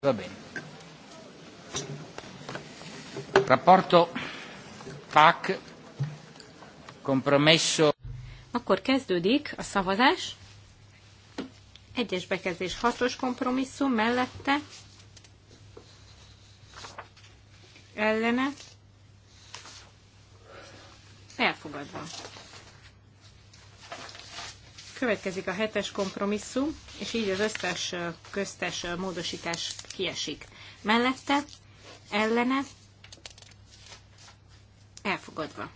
Va bene. Rapporto PAC compromesso. Akkor kezdődik a szavazás. Egyes bekezdés hatos kompromisszum mellette. Ellene. Elfogadva. Következik a hetes kompromisszum, és így az összes köztes módosítás kiesik. Mellette, ellene, elfogadva.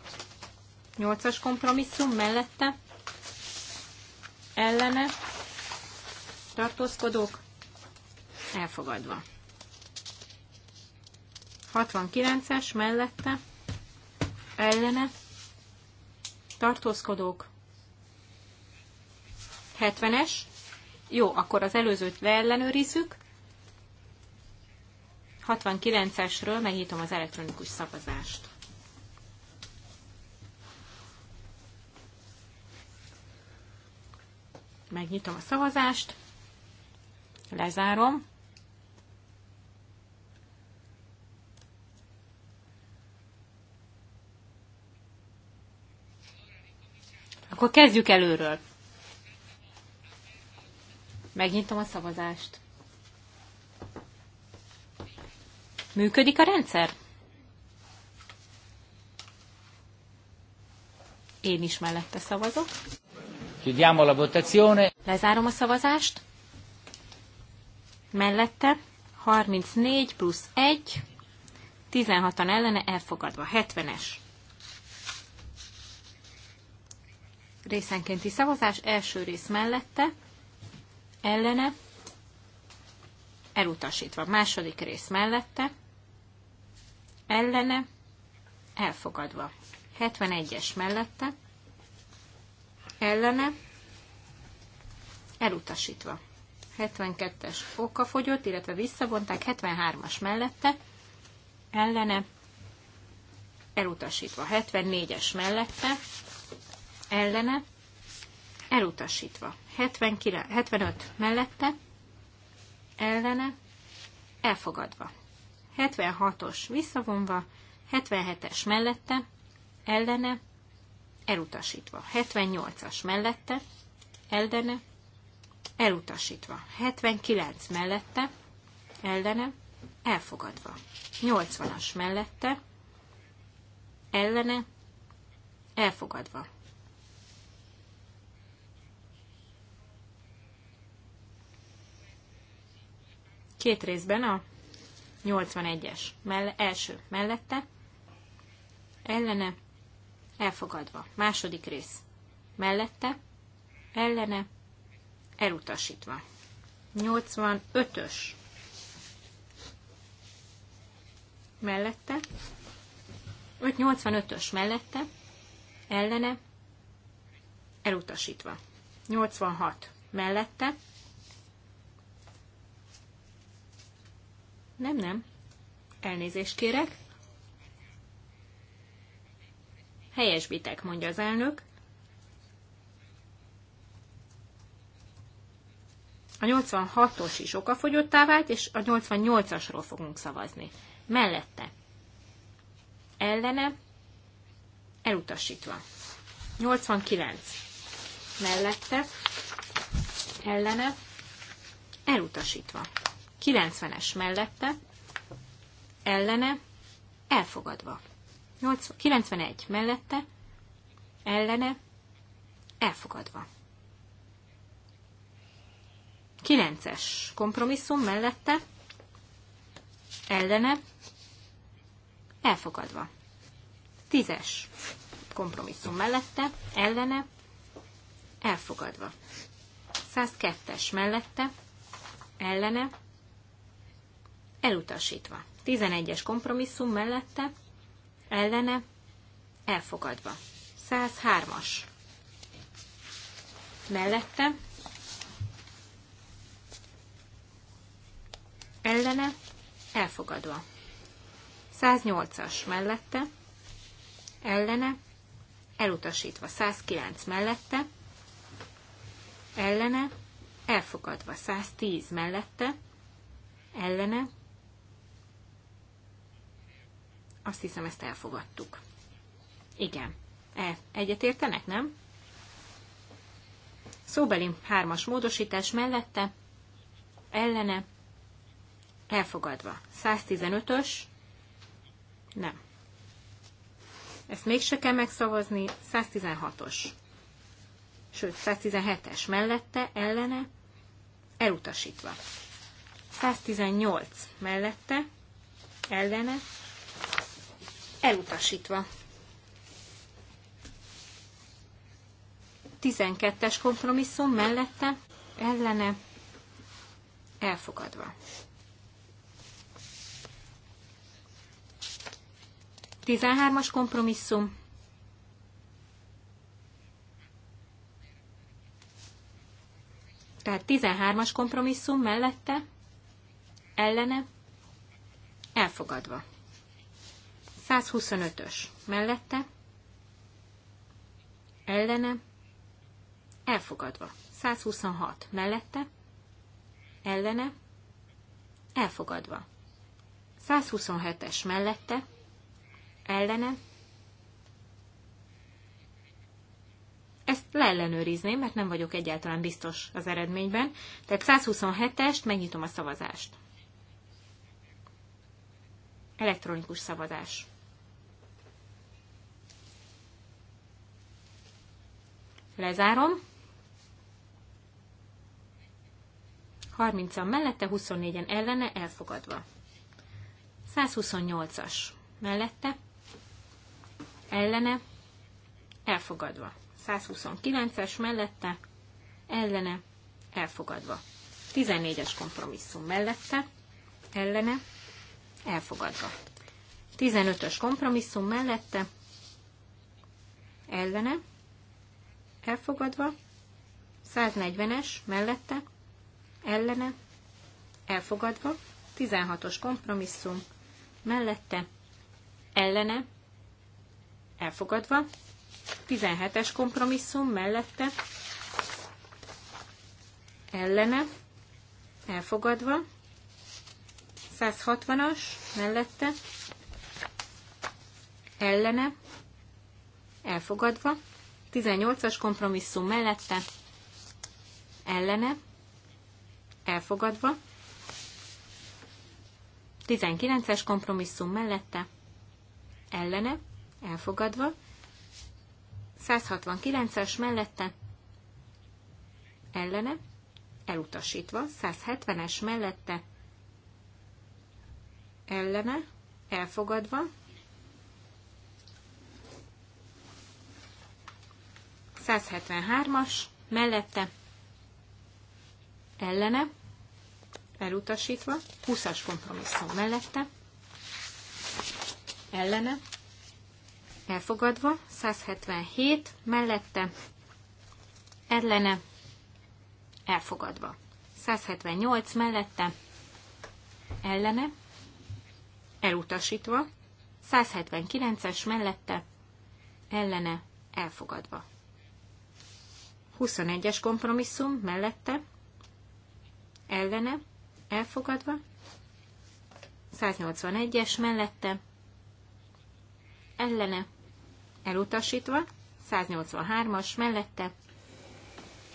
Nyolcas kompromisszum, mellette, ellene, tartózkodók, elfogadva. 69-es mellette, ellene, tartózkodók, 70-es. Jó, akkor az előzőt leellenőrizzük. 69-esről megnyitom az elektronikus szavazást. Megnyitom a szavazást, lezárom. Akkor kezdjük előről. Megnyitom a szavazást. Működik a rendszer? Én is mellette szavazok. Chiudiamo la votazione. Lezárom a szavazást. Mellette 34 plusz 1, 16-an ellene elfogadva, 70-es. Részenkénti szavazás, első rész mellette, ellene, elutasítva. Második rész mellette, ellene, elfogadva. 71-es mellette, ellene, elutasítva. 72-es okafogyott, illetve visszavonták, 73-as mellette, ellene, elutasítva. 74-es mellette, ellene, elutasítva. 79, 75 mellette, ellene, elfogadva. 76-os visszavonva, 77-es mellette, ellene, elutasítva. 78-as mellette, ellene, elutasítva. 79 mellette, ellene, elfogadva. 80-as mellette, ellene, elfogadva. Két részben a 81-es mell- első mellette, ellene, elfogadva. Második rész mellette, ellene, elutasítva. 85-ös mellette, 85-ös mellette, ellene, elutasítva. 86 mellette, Nem, nem. Elnézést kérek. Helyesbitek, mondja az elnök. A 86-os is okafogyottá vált, és a 88-asról fogunk szavazni. Mellette. Ellene. Elutasítva. 89. Mellette. Ellene. Elutasítva. 90-es mellette, ellene, elfogadva. 91 mellette, ellene, elfogadva. 9-es kompromisszum mellette, ellene, elfogadva. 10-es kompromisszum mellette, ellene, elfogadva. 102-es mellette, ellene, elutasítva. 11-es kompromisszum mellette, ellene, elfogadva. 103-as mellette, ellene, elfogadva. 108-as mellette, ellene, elutasítva. 109 mellette, ellene, elfogadva. 110 mellette, ellene, azt hiszem, ezt elfogadtuk. Igen. E, egyetértenek, nem? Szóbeli hármas módosítás mellette, ellene, elfogadva. 115-ös, nem. Ezt mégse kell megszavazni, 116-os. Sőt, 117-es mellette, ellene, elutasítva. 118 mellette, ellene, elutasítva. 12-es kompromisszum mellette, ellene, elfogadva. 13-as kompromisszum. Tehát 13-as kompromisszum mellette, ellene, elfogadva. 125-ös mellette, ellene, elfogadva. 126 mellette, ellene, elfogadva. 127-es mellette, ellene, ezt leellenőrizném, mert nem vagyok egyáltalán biztos az eredményben. Tehát 127-est, megnyitom a szavazást. Elektronikus szavazás. Lezárom. 30-an mellette, 24-en ellene, elfogadva. 128-as mellette, ellene, elfogadva. 129-es mellette, ellene, elfogadva. 14-es kompromisszum mellette, ellene, elfogadva. 15-ös kompromisszum mellette, ellene, elfogadva, 140-es mellette, ellene, elfogadva, 16-os kompromisszum mellette, ellene, elfogadva, 17-es kompromisszum mellette, ellene, elfogadva, 160-as mellette, ellene, elfogadva, 18-as kompromisszum mellette ellene elfogadva, 19-es kompromisszum mellette ellene elfogadva, 169-es mellette ellene elutasítva, 170-es mellette ellene elfogadva, 173-as mellette ellene, elutasítva, 20-as kompromisszum mellette, ellene, elfogadva, 177 mellette, ellene, elfogadva, 178 mellette, ellene, elutasítva, 179-es mellette, ellene, elfogadva. 21-es kompromisszum mellette, ellene, elfogadva, 181-es mellette, ellene, elutasítva, 183-as mellette,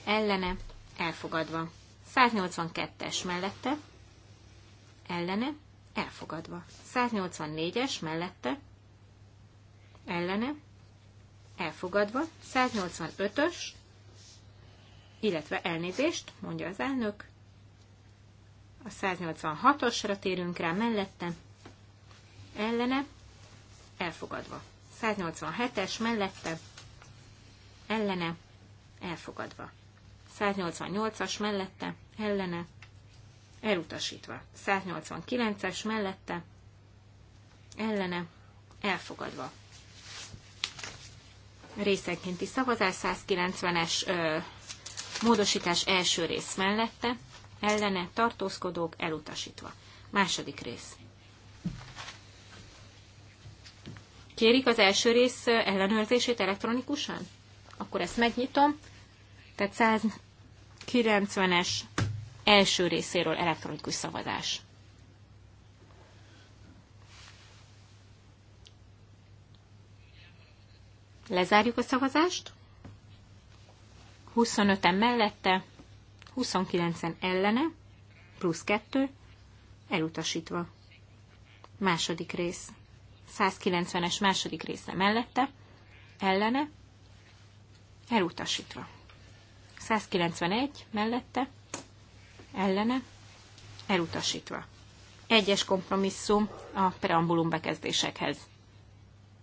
ellene, elfogadva, 182-es mellette, ellene, elfogadva, 184-es mellette, ellene, elfogadva, 185-ös illetve elnézést, mondja az elnök. A 186-osra térünk rá mellette, ellene, elfogadva. 187-es mellette, ellene, elfogadva. 188-as mellette, ellene, elutasítva. 189-es mellette, ellene, elfogadva. Részenkénti szavazás 190-es Módosítás első rész mellette, ellene tartózkodók elutasítva. Második rész. Kérik az első rész ellenőrzését elektronikusan? Akkor ezt megnyitom. Tehát 190-es első részéről elektronikus szavazás. Lezárjuk a szavazást. 25-en mellette, 29-en ellene, plusz 2, elutasítva. Második rész. 190-es második része mellette, ellene, elutasítva. 191 mellette, ellene, elutasítva. Egyes kompromisszum a preambulum bekezdésekhez.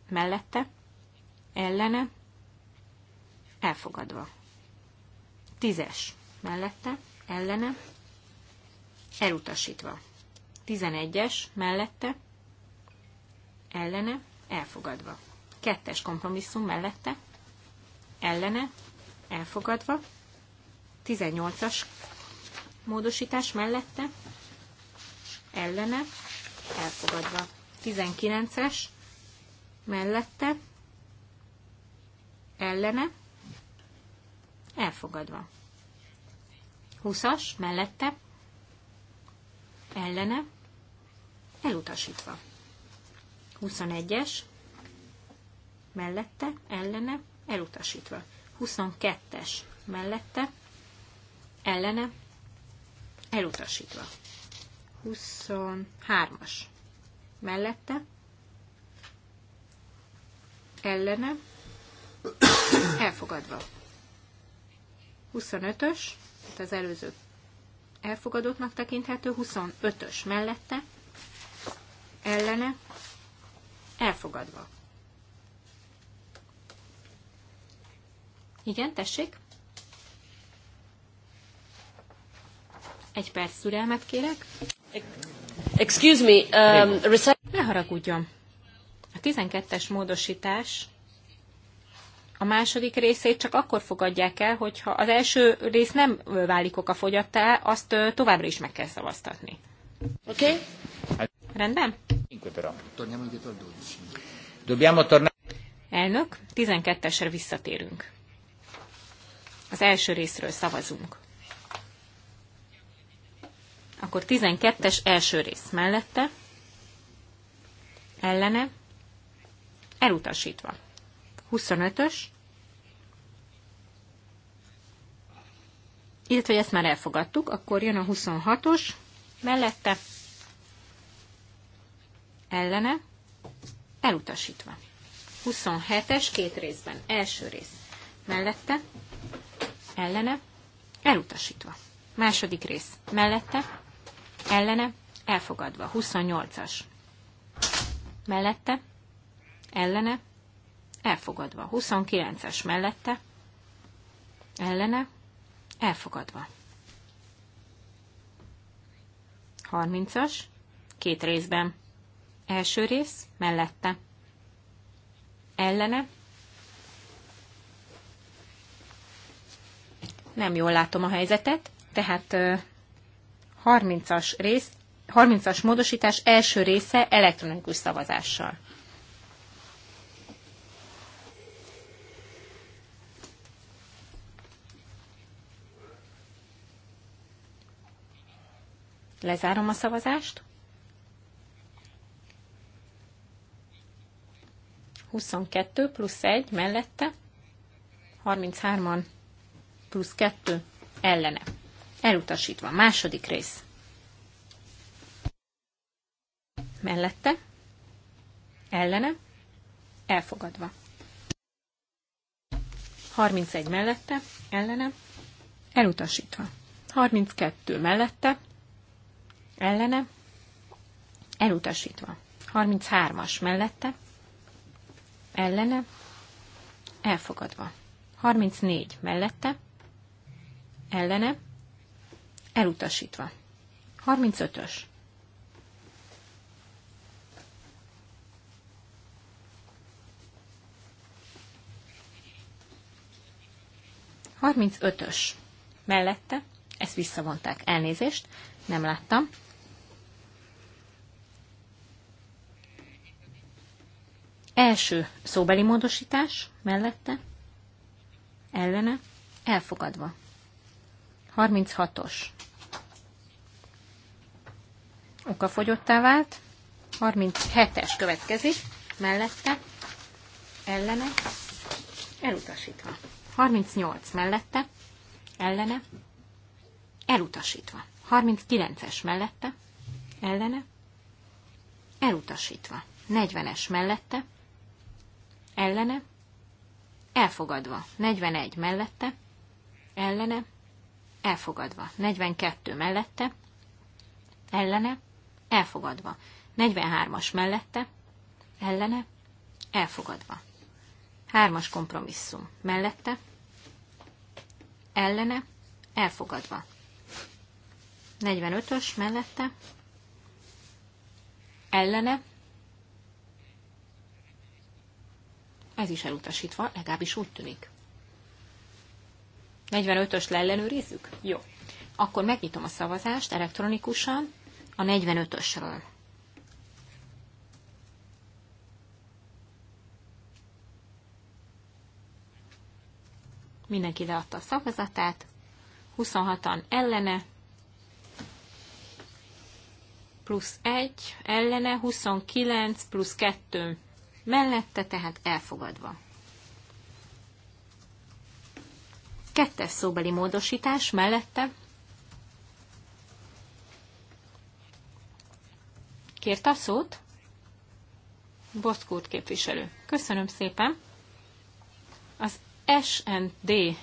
Mellette, ellene, elfogadva. Tízes mellette, ellene, elutasítva. Tizenegyes mellette, ellene, elfogadva. Kettes kompromisszum mellette, ellene, elfogadva. Tizennyolcas módosítás mellette, ellene, elfogadva. tizenkilences mellette, ellene, elfogadva. 20 mellette, ellene, elutasítva. 21-es mellette, ellene, elutasítva. 22-es mellette, ellene, elutasítva. 23-as mellette, ellene, elfogadva. 25-ös, az előző elfogadottnak tekinthető, 25-ös mellette, ellene, elfogadva. Igen, tessék? Egy perc szürelmet kérek. Excuse me, um, Ne haragudjon. A 12-es módosítás a második részét csak akkor fogadják el, hogyha az első rész nem válik okafogyattá, azt továbbra is meg kell szavaztatni. Oké? Okay? Rendben? Dobbiamo tornare. Elnök, 12-esre visszatérünk. Az első részről szavazunk. Akkor 12-es első rész mellette, ellene, elutasítva. 25-ös, illetve ezt már elfogadtuk, akkor jön a 26-os, mellette ellene elutasítva. 27-es két részben, első rész mellette ellene elutasítva. Második rész mellette ellene elfogadva. 28-as mellette ellene elfogadva. 29-es mellette, ellene, elfogadva. 30-as, két részben. Első rész, mellette. Ellene. Nem jól látom a helyzetet, tehát 30-as rész, 30-as módosítás első része elektronikus szavazással. Lezárom a szavazást. 22 plusz 1 mellette, 33-an plusz 2 ellene. Elutasítva. Második rész. Mellette, ellene, elfogadva. 31 mellette, ellene, elutasítva. 32 mellette, ellene, elutasítva. 33-as mellette, ellene, elfogadva. 34 mellette, ellene, elutasítva. 35-ös. Harmincötös mellette, ezt visszavonták, elnézést, nem láttam. Első szóbeli módosítás mellette, ellene, elfogadva. 36-os. Okafogyottá vált. 37-es következik, mellette, ellene, elutasítva. 38 mellette, ellene, Elutasítva. 39-es mellette, ellene. Elutasítva. 40-es mellette, ellene. Elfogadva. 41 mellette, ellene. Elfogadva. 42 mellette, ellene. Elfogadva. 43-as mellette, ellene. Elfogadva. Hármas kompromisszum mellette, ellene, elfogadva. 45-ös mellette, ellene, ez is elutasítva, legalábbis úgy tűnik. 45-ös leellenőrizzük? Jó. Akkor megnyitom a szavazást elektronikusan a 45-ösről. Mindenki leadta a szavazatát, 26-an ellene, plusz 1, ellene 29 plusz 2 mellette, tehát elfogadva. Kettes szóbeli módosítás mellette. Kért a szót? Boszkút képviselő. Köszönöm szépen. Az SND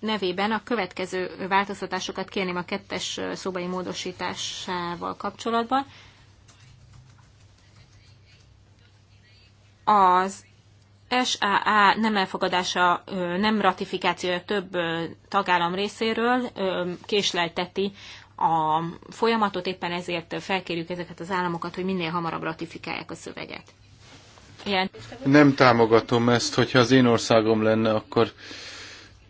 nevében a következő változtatásokat kérném a kettes szobai módosításával kapcsolatban. Az SAA nem elfogadása, nem ratifikációja több tagállam részéről késlelteti a folyamatot, éppen ezért felkérjük ezeket az államokat, hogy minél hamarabb ratifikálják a szöveget. Ilyen. Nem támogatom ezt, hogyha az én országom lenne, akkor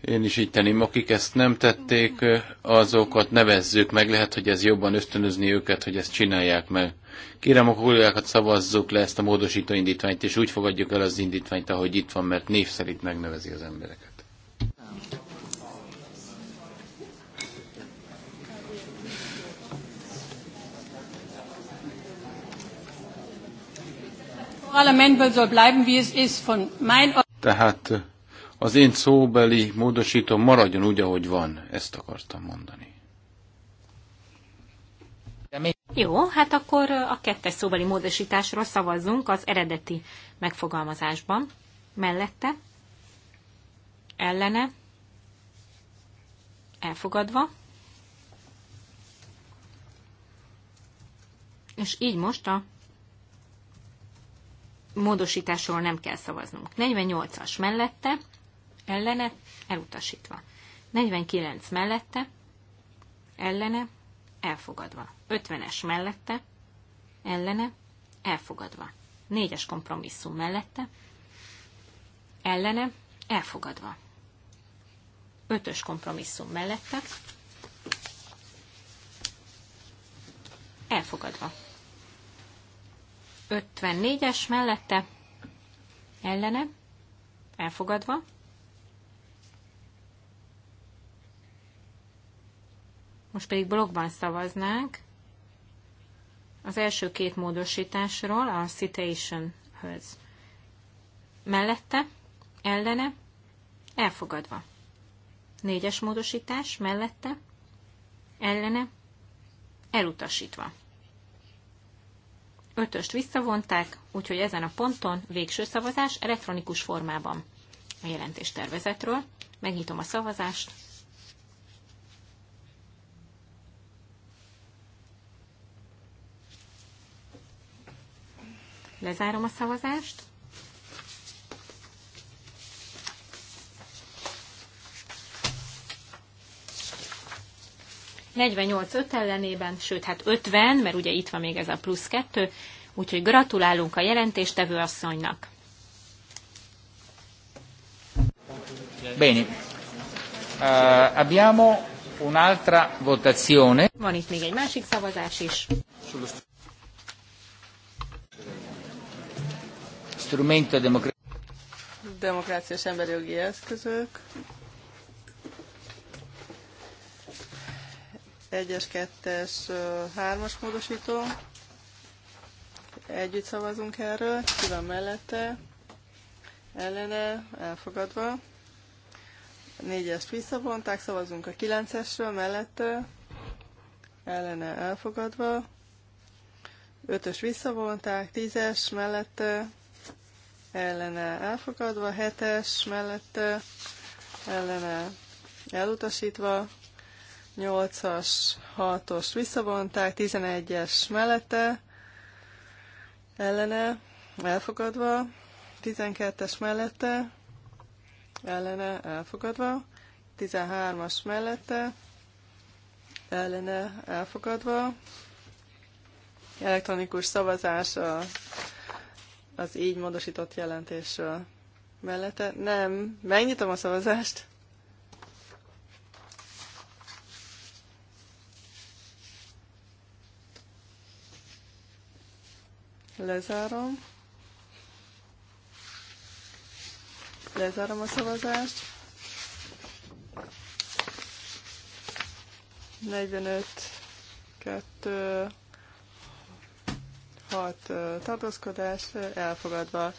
én is így tenném, akik ezt nem tették, azokat nevezzük meg, lehet, hogy ez jobban ösztönözni őket, hogy ezt csinálják meg. Kérem a kollégákat szavazzuk le ezt a módosító indítványt, és úgy fogadjuk el az indítványt, ahogy itt van, mert név szerint megnevezi az embereket. Tehát az én szóbeli módosító maradjon úgy, ahogy van. Ezt akartam mondani. Jó, hát akkor a kettes szóbeli módosításról szavazzunk az eredeti megfogalmazásban. Mellette, ellene, elfogadva. És így most a módosításról nem kell szavaznunk. 48-as mellette, ellene, elutasítva. 49 mellette, ellene, elfogadva. 50-es mellette, ellene, elfogadva. 4-es kompromisszum mellette, ellene, elfogadva. 5-ös kompromisszum mellette, elfogadva. 54-es mellette, ellene, elfogadva. Most pedig blogban szavaznánk az első két módosításról a citation-höz. Mellette, ellene, elfogadva. Négyes módosítás, mellette, ellene, elutasítva. Ötöst visszavonták, úgyhogy ezen a ponton végső szavazás elektronikus formában a jelentéstervezetről. Megnyitom a szavazást. Lezárom a szavazást. öt ellenében, sőt hát 50, mert ugye itt van még ez a plusz kettő, úgyhogy gratulálunk a jelentéstevő asszonynak. Bene. Uh, abbiamo un'altra votazione. Van itt még egy másik szavazás is. strumento democratico. Demokrácia és emberi jogi eszközök. Egyes, kettes, hármas módosító. Együtt szavazunk erről. Ki van mellette? Ellene? Elfogadva. Négyest visszavonták, szavazunk a kilencesről, mellette. Ellene? Elfogadva. Ötös visszavonták, tízes mellette ellene elfogadva, hetes mellette ellene elutasítva, 8-as, 6-os visszavonták, 11-es mellette ellene elfogadva, 12-es mellette ellene elfogadva, 13-as mellette ellene elfogadva, elektronikus szavazás a az így módosított jelentésről. Mellette? Nem. Megnyitom a szavazást. Lezárom. Lezárom a szavazást. 45 2 hat tartózkodás elfogadva.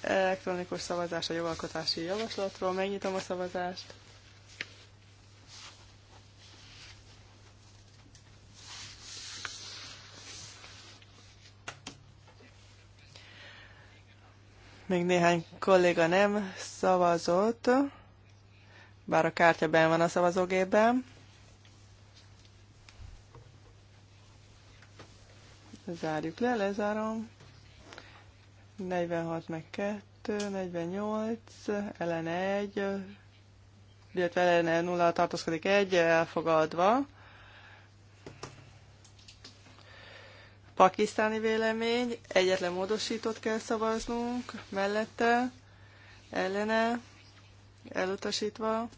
Elektronikus szavazás a jogalkotási javaslatról. Megnyitom a szavazást. Még néhány kolléga nem szavazott, bár a kártya ben van a szavazógépben. Zárjuk le, lezárom. 46 meg 2, 48, ellen 1, illetve ellen 0 tartózkodik 1, elfogadva. pakisztáni vélemény, egyetlen módosítót kell szavaznunk, mellette, ellene, elutasítva,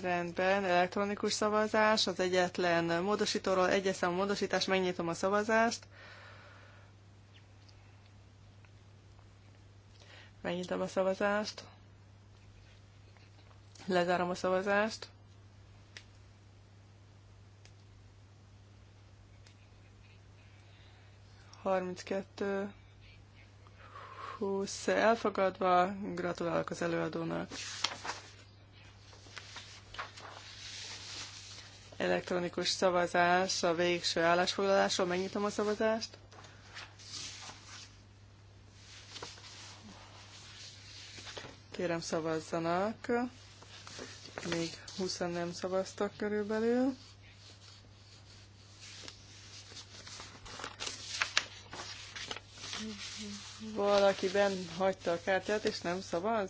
Rendben, elektronikus szavazás, az egyetlen módosítóról, egyes számú módosítás, megnyitom a szavazást. Megnyitom a szavazást. Lezárom a szavazást. Harminckettő. 20 elfogadva. Gratulálok az előadónak. Elektronikus szavazás a végső állásfoglalásról. Megnyitom a szavazást. Kérem szavazzanak. Még 20 nem szavaztak körülbelül. Valaki ben hagyta a kártyát, és nem szavaz?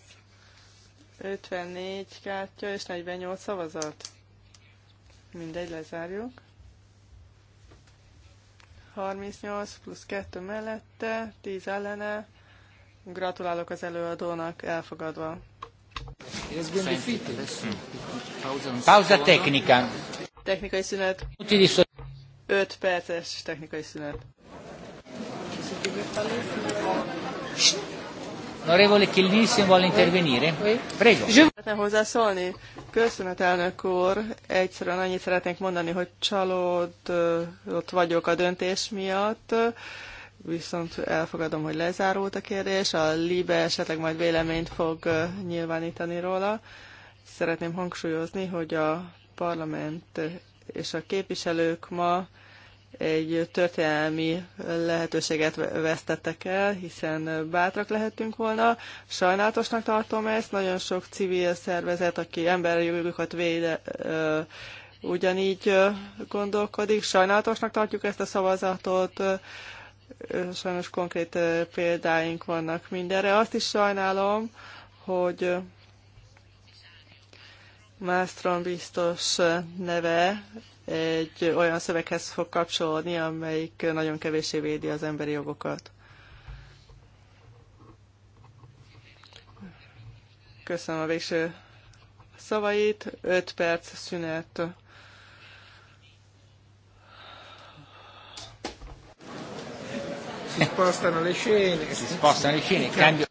54 kártya és 48 szavazat mindegy, lezárjuk. 38 plusz 2 mellette, 10 ellene. Gratulálok az előadónak, elfogadva. Pausa technika. Technikai szünet. 5 perces technikai szünet. Onorevole Chilnissimo vuole intervenire? Prego szeretne hozzászólni? Köszönet, elnök úr. Egyszerűen annyit szeretnék mondani, hogy csalódott vagyok a döntés miatt, viszont elfogadom, hogy lezárult a kérdés. A LIBE esetleg majd véleményt fog nyilvánítani róla. Szeretném hangsúlyozni, hogy a parlament és a képviselők ma egy történelmi lehetőséget vesztettek el, hiszen bátrak lehetünk volna. Sajnálatosnak tartom ezt, nagyon sok civil szervezet, aki emberi jogokat véde, ugyanígy gondolkodik. Sajnálatosnak tartjuk ezt a szavazatot, sajnos konkrét példáink vannak mindenre. Azt is sajnálom, hogy Mástrom biztos neve egy olyan szöveghez fog kapcsolódni, amelyik nagyon kevésé védi az emberi jogokat. Köszönöm a végső szavait. 5 perc szünet. Si spostano le scene. Si spostano le scene, cambio.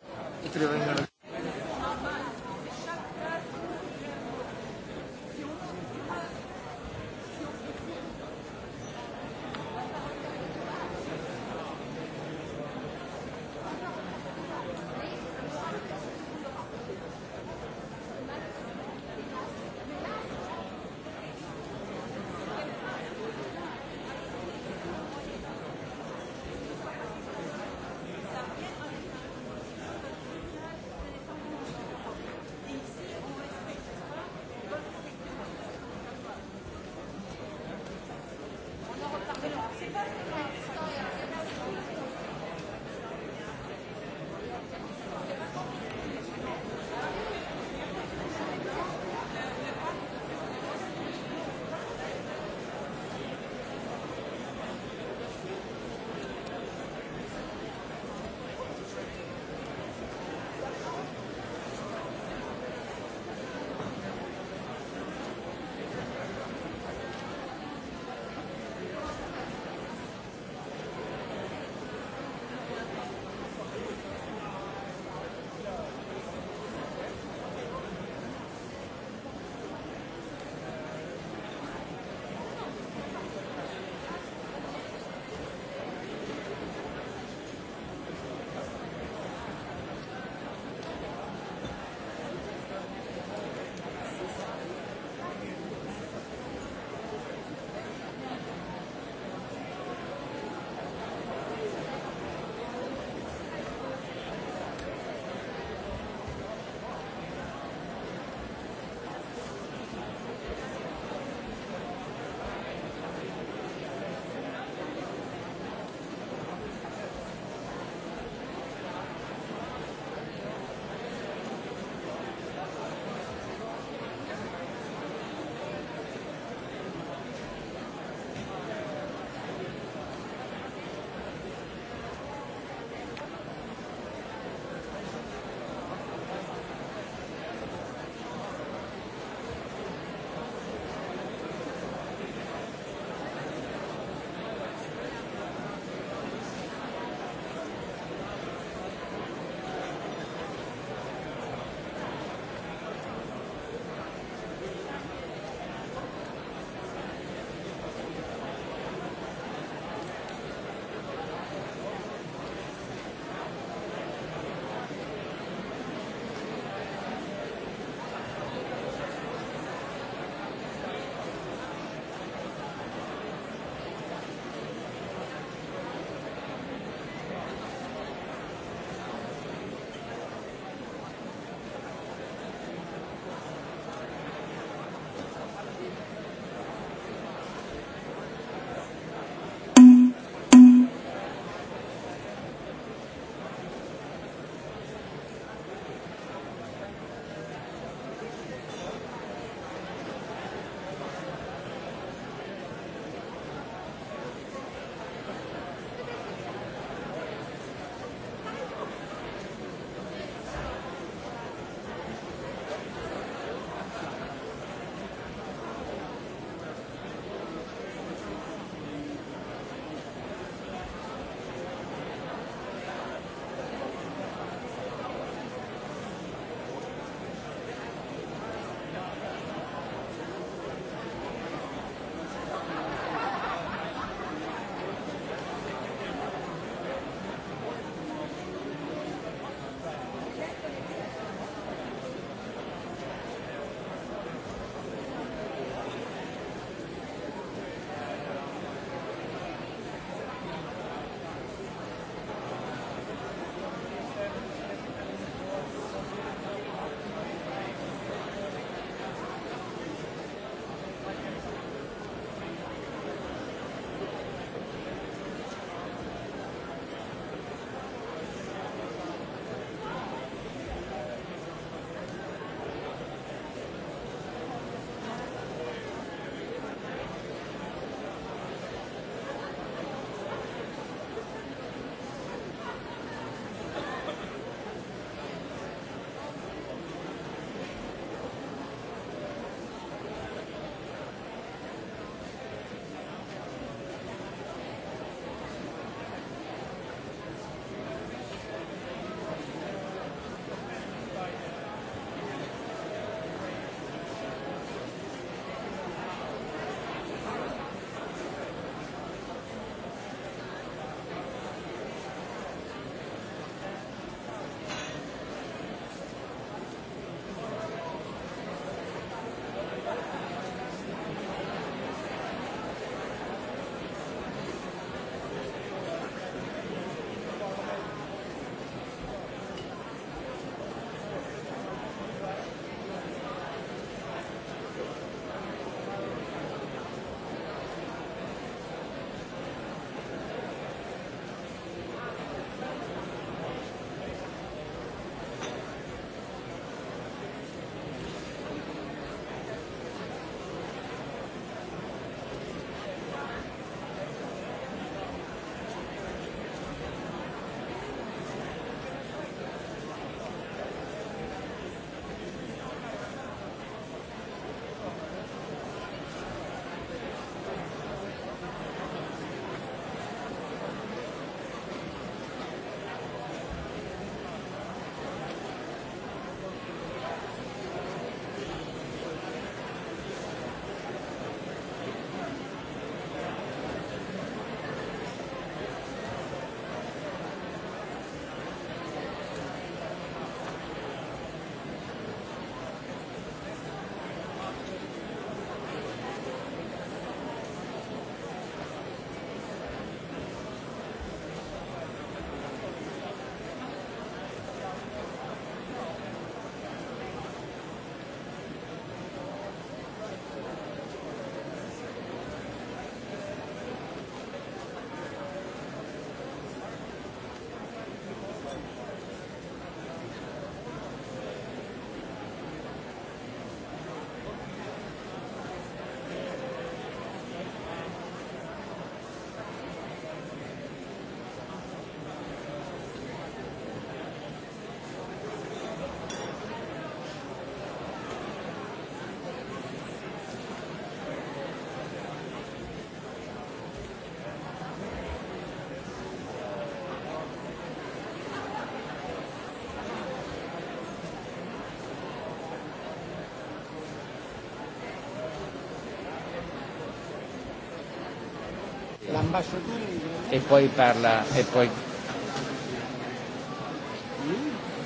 e poi parla e poi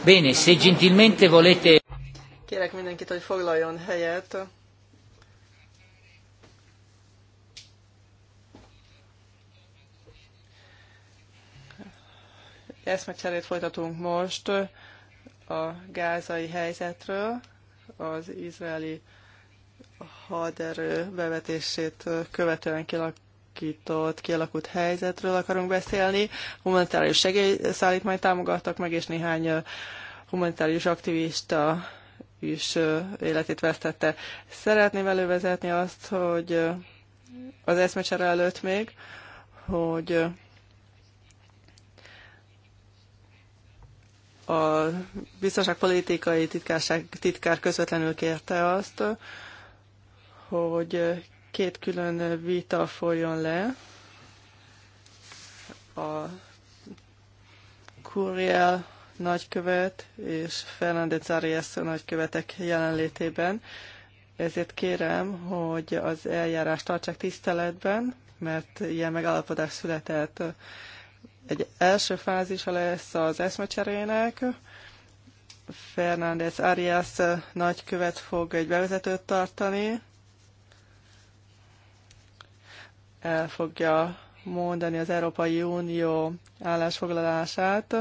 Bene, se gentilmente volete Kérek mindenkit, hogy foglaljon helyet. Eszmecserét folytatunk most a gázai helyzetről, az izraeli haderő bevetését követően kialakított, kialakult helyzetről akarunk beszélni. Humanitárius segélyszállítmányt támogattak meg, és néhány humanitárius aktivista is életét vesztette. Szeretném elővezetni azt, hogy az eszmecsere előtt még, hogy a biztonságpolitikai titkárság, titkár közvetlenül kérte azt, hogy két külön vita folyjon le. A Kuriel nagykövet és Fernández Arias nagykövetek jelenlétében. Ezért kérem, hogy az eljárást tartsák tiszteletben, mert ilyen megállapodás született. Egy első fázisa lesz az eszmecserének. Fernández Arias nagykövet fog egy bevezetőt tartani, el fogja mondani az Európai Unió állásfoglalását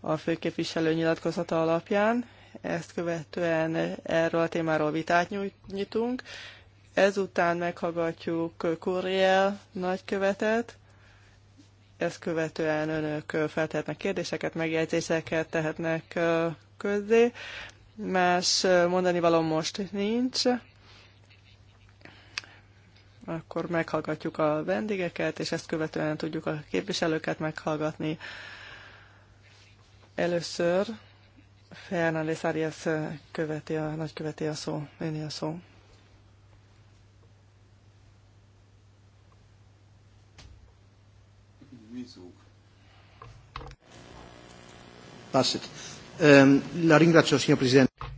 a főképviselő nyilatkozata alapján. Ezt követően erről a témáról vitát nyitunk. Ezután meghallgatjuk Kuriel nagykövetet. Ezt követően önök feltehetnek kérdéseket, megjegyzéseket tehetnek közzé. Más mondani való most nincs akkor meghallgatjuk a vendégeket, és ezt követően tudjuk a képviselőket meghallgatni. Először Fernández Arias követi a, nagyköveti a szó, lenni a szó.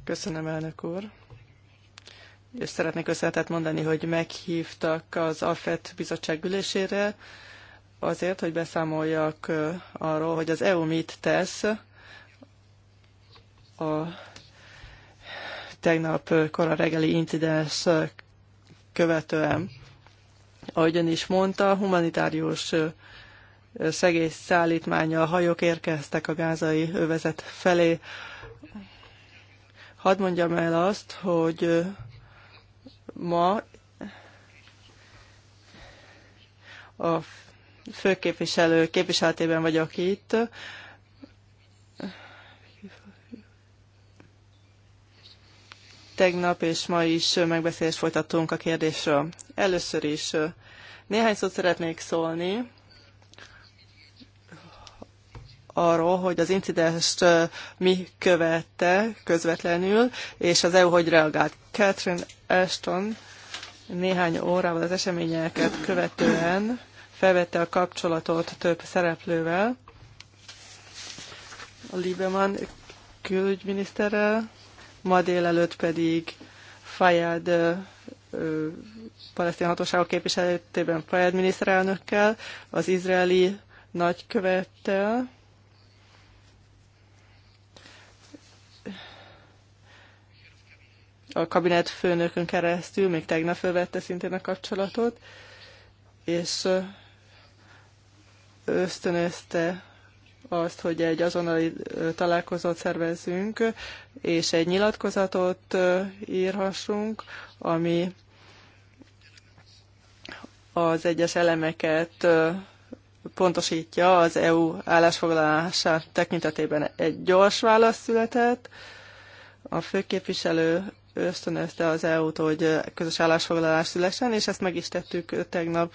Köszönöm, elnök úr és szeretnék köszönetet mondani, hogy meghívtak az AFET bizottság ülésére, azért, hogy beszámoljak arról, hogy az EU mit tesz a tegnap kora reggeli incidens követően. Ahogy ön is mondta, humanitárius szállítmánya, hajók érkeztek a gázai övezet felé. Hadd mondjam el azt, hogy ma a főképviselő képviseletében vagyok itt. Tegnap és ma is megbeszélést folytattunk a kérdésről. Először is néhány szót szeretnék szólni arról, hogy az incidenst mi követte közvetlenül, és az EU hogy reagált. Catherine Ashton néhány órával az eseményeket követően felvette a kapcsolatot több szereplővel, a Lieberman külügyminiszterrel, ma délelőtt pedig Fayad palesztin hatóságok képviselőtében Fayad miniszterelnökkel, az izraeli nagykövettel, a kabinet főnökön keresztül, még tegnap felvette szintén a kapcsolatot, és ösztönözte azt, hogy egy azonnali találkozót szervezzünk, és egy nyilatkozatot írhassunk, ami az egyes elemeket pontosítja az EU állásfoglalását tekintetében. Egy gyors válasz született, a főképviselő ösztönözte az EU-t, hogy közös állásfoglalás szülesen, és ezt meg is tettük tegnap.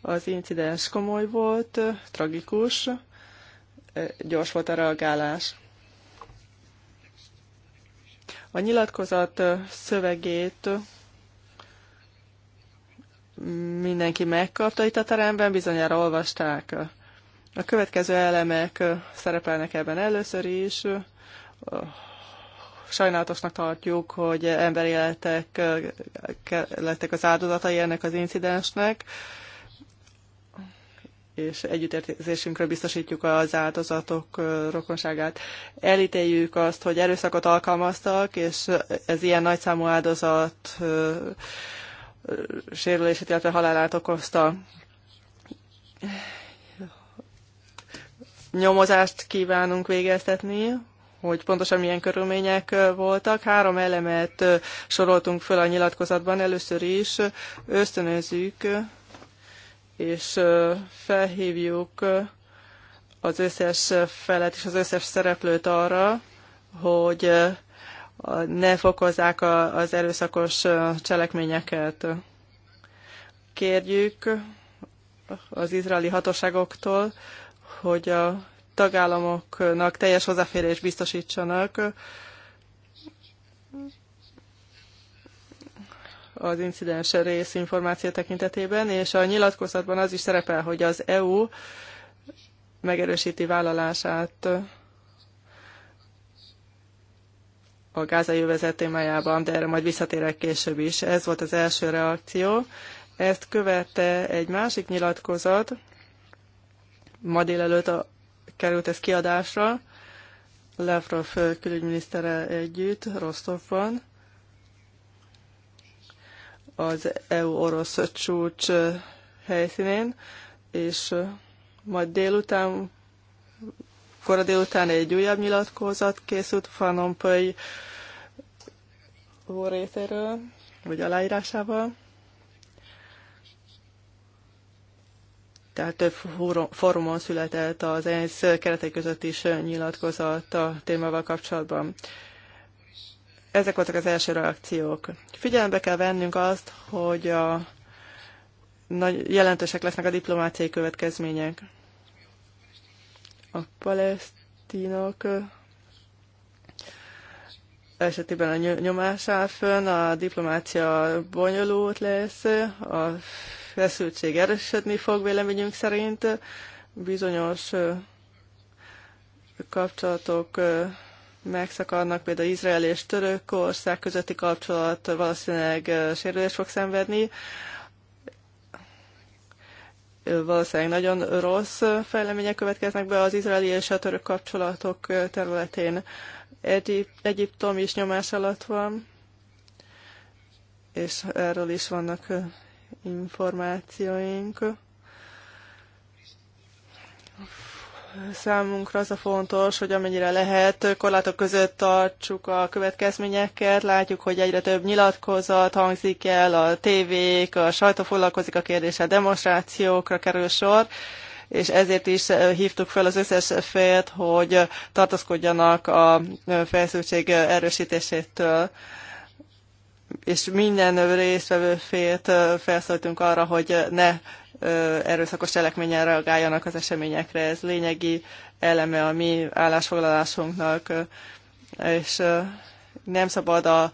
Az incidens komoly volt, tragikus, gyors volt a reagálás. A nyilatkozat szövegét mindenki megkapta itt a teremben, bizonyára olvasták. A következő elemek szerepelnek ebben először is. Sajnálatosnak tartjuk, hogy emberi életek lettek az áldozatai ennek az incidensnek, és együttérzésünkről biztosítjuk az áldozatok rokonságát. Elítéljük azt, hogy erőszakot alkalmaztak, és ez ilyen nagyszámú áldozat sérülését, illetve halálát okozta nyomozást kívánunk végeztetni, hogy pontosan milyen körülmények voltak. Három elemet soroltunk föl a nyilatkozatban. Először is ösztönözzük és felhívjuk az összes felet és az összes szereplőt arra, hogy ne fokozzák az erőszakos cselekményeket. Kérjük az izraeli hatóságoktól, hogy a tagállamoknak teljes hozzáférés biztosítsanak az incidens rész információ tekintetében, és a nyilatkozatban az is szerepel, hogy az EU megerősíti vállalását a gázai övezet témájában, de erre majd visszatérek később is. Ez volt az első reakció. Ezt követte egy másik nyilatkozat, ma délelőtt a, került ez kiadásra, Lavrov külügyminiszterrel együtt Rostovban. Az EU-orosz csúcs helyszínén, és majd délután, kora délután egy újabb nyilatkozat készült Fanompai részéről, vagy aláírásával. Tehát több fórumon született az ENSZ keretek között is nyilatkozott a témával kapcsolatban. Ezek voltak az első reakciók. Figyelembe kell vennünk azt, hogy a nagy, jelentősek lesznek a diplomáciai következmények. A palesztinok esetében a nyomás áll fönn, a diplomácia bonyolult lesz, a feszültség erősödni fog véleményünk szerint. Bizonyos kapcsolatok megszakadnak, például Izrael és Törökország közötti kapcsolat valószínűleg sérülést fog szenvedni. Valószínűleg nagyon rossz fejlemények következnek be az izraeli és a török kapcsolatok területén. Egyip, Egyiptom is nyomás alatt van, és erről is vannak információink. Számunkra az a fontos, hogy amennyire lehet, korlátok között tartsuk a következményeket. Látjuk, hogy egyre több nyilatkozat hangzik el, a tévék, a sajtó foglalkozik a kérdéssel, demonstrációkra kerül sor és ezért is hívtuk fel az összes félt, hogy tartaszkodjanak a felszültség erősítésétől és minden résztvevő félt felszólítunk arra, hogy ne erőszakos cselekményen reagáljanak az eseményekre. Ez lényegi eleme a mi állásfoglalásunknak, és nem szabad a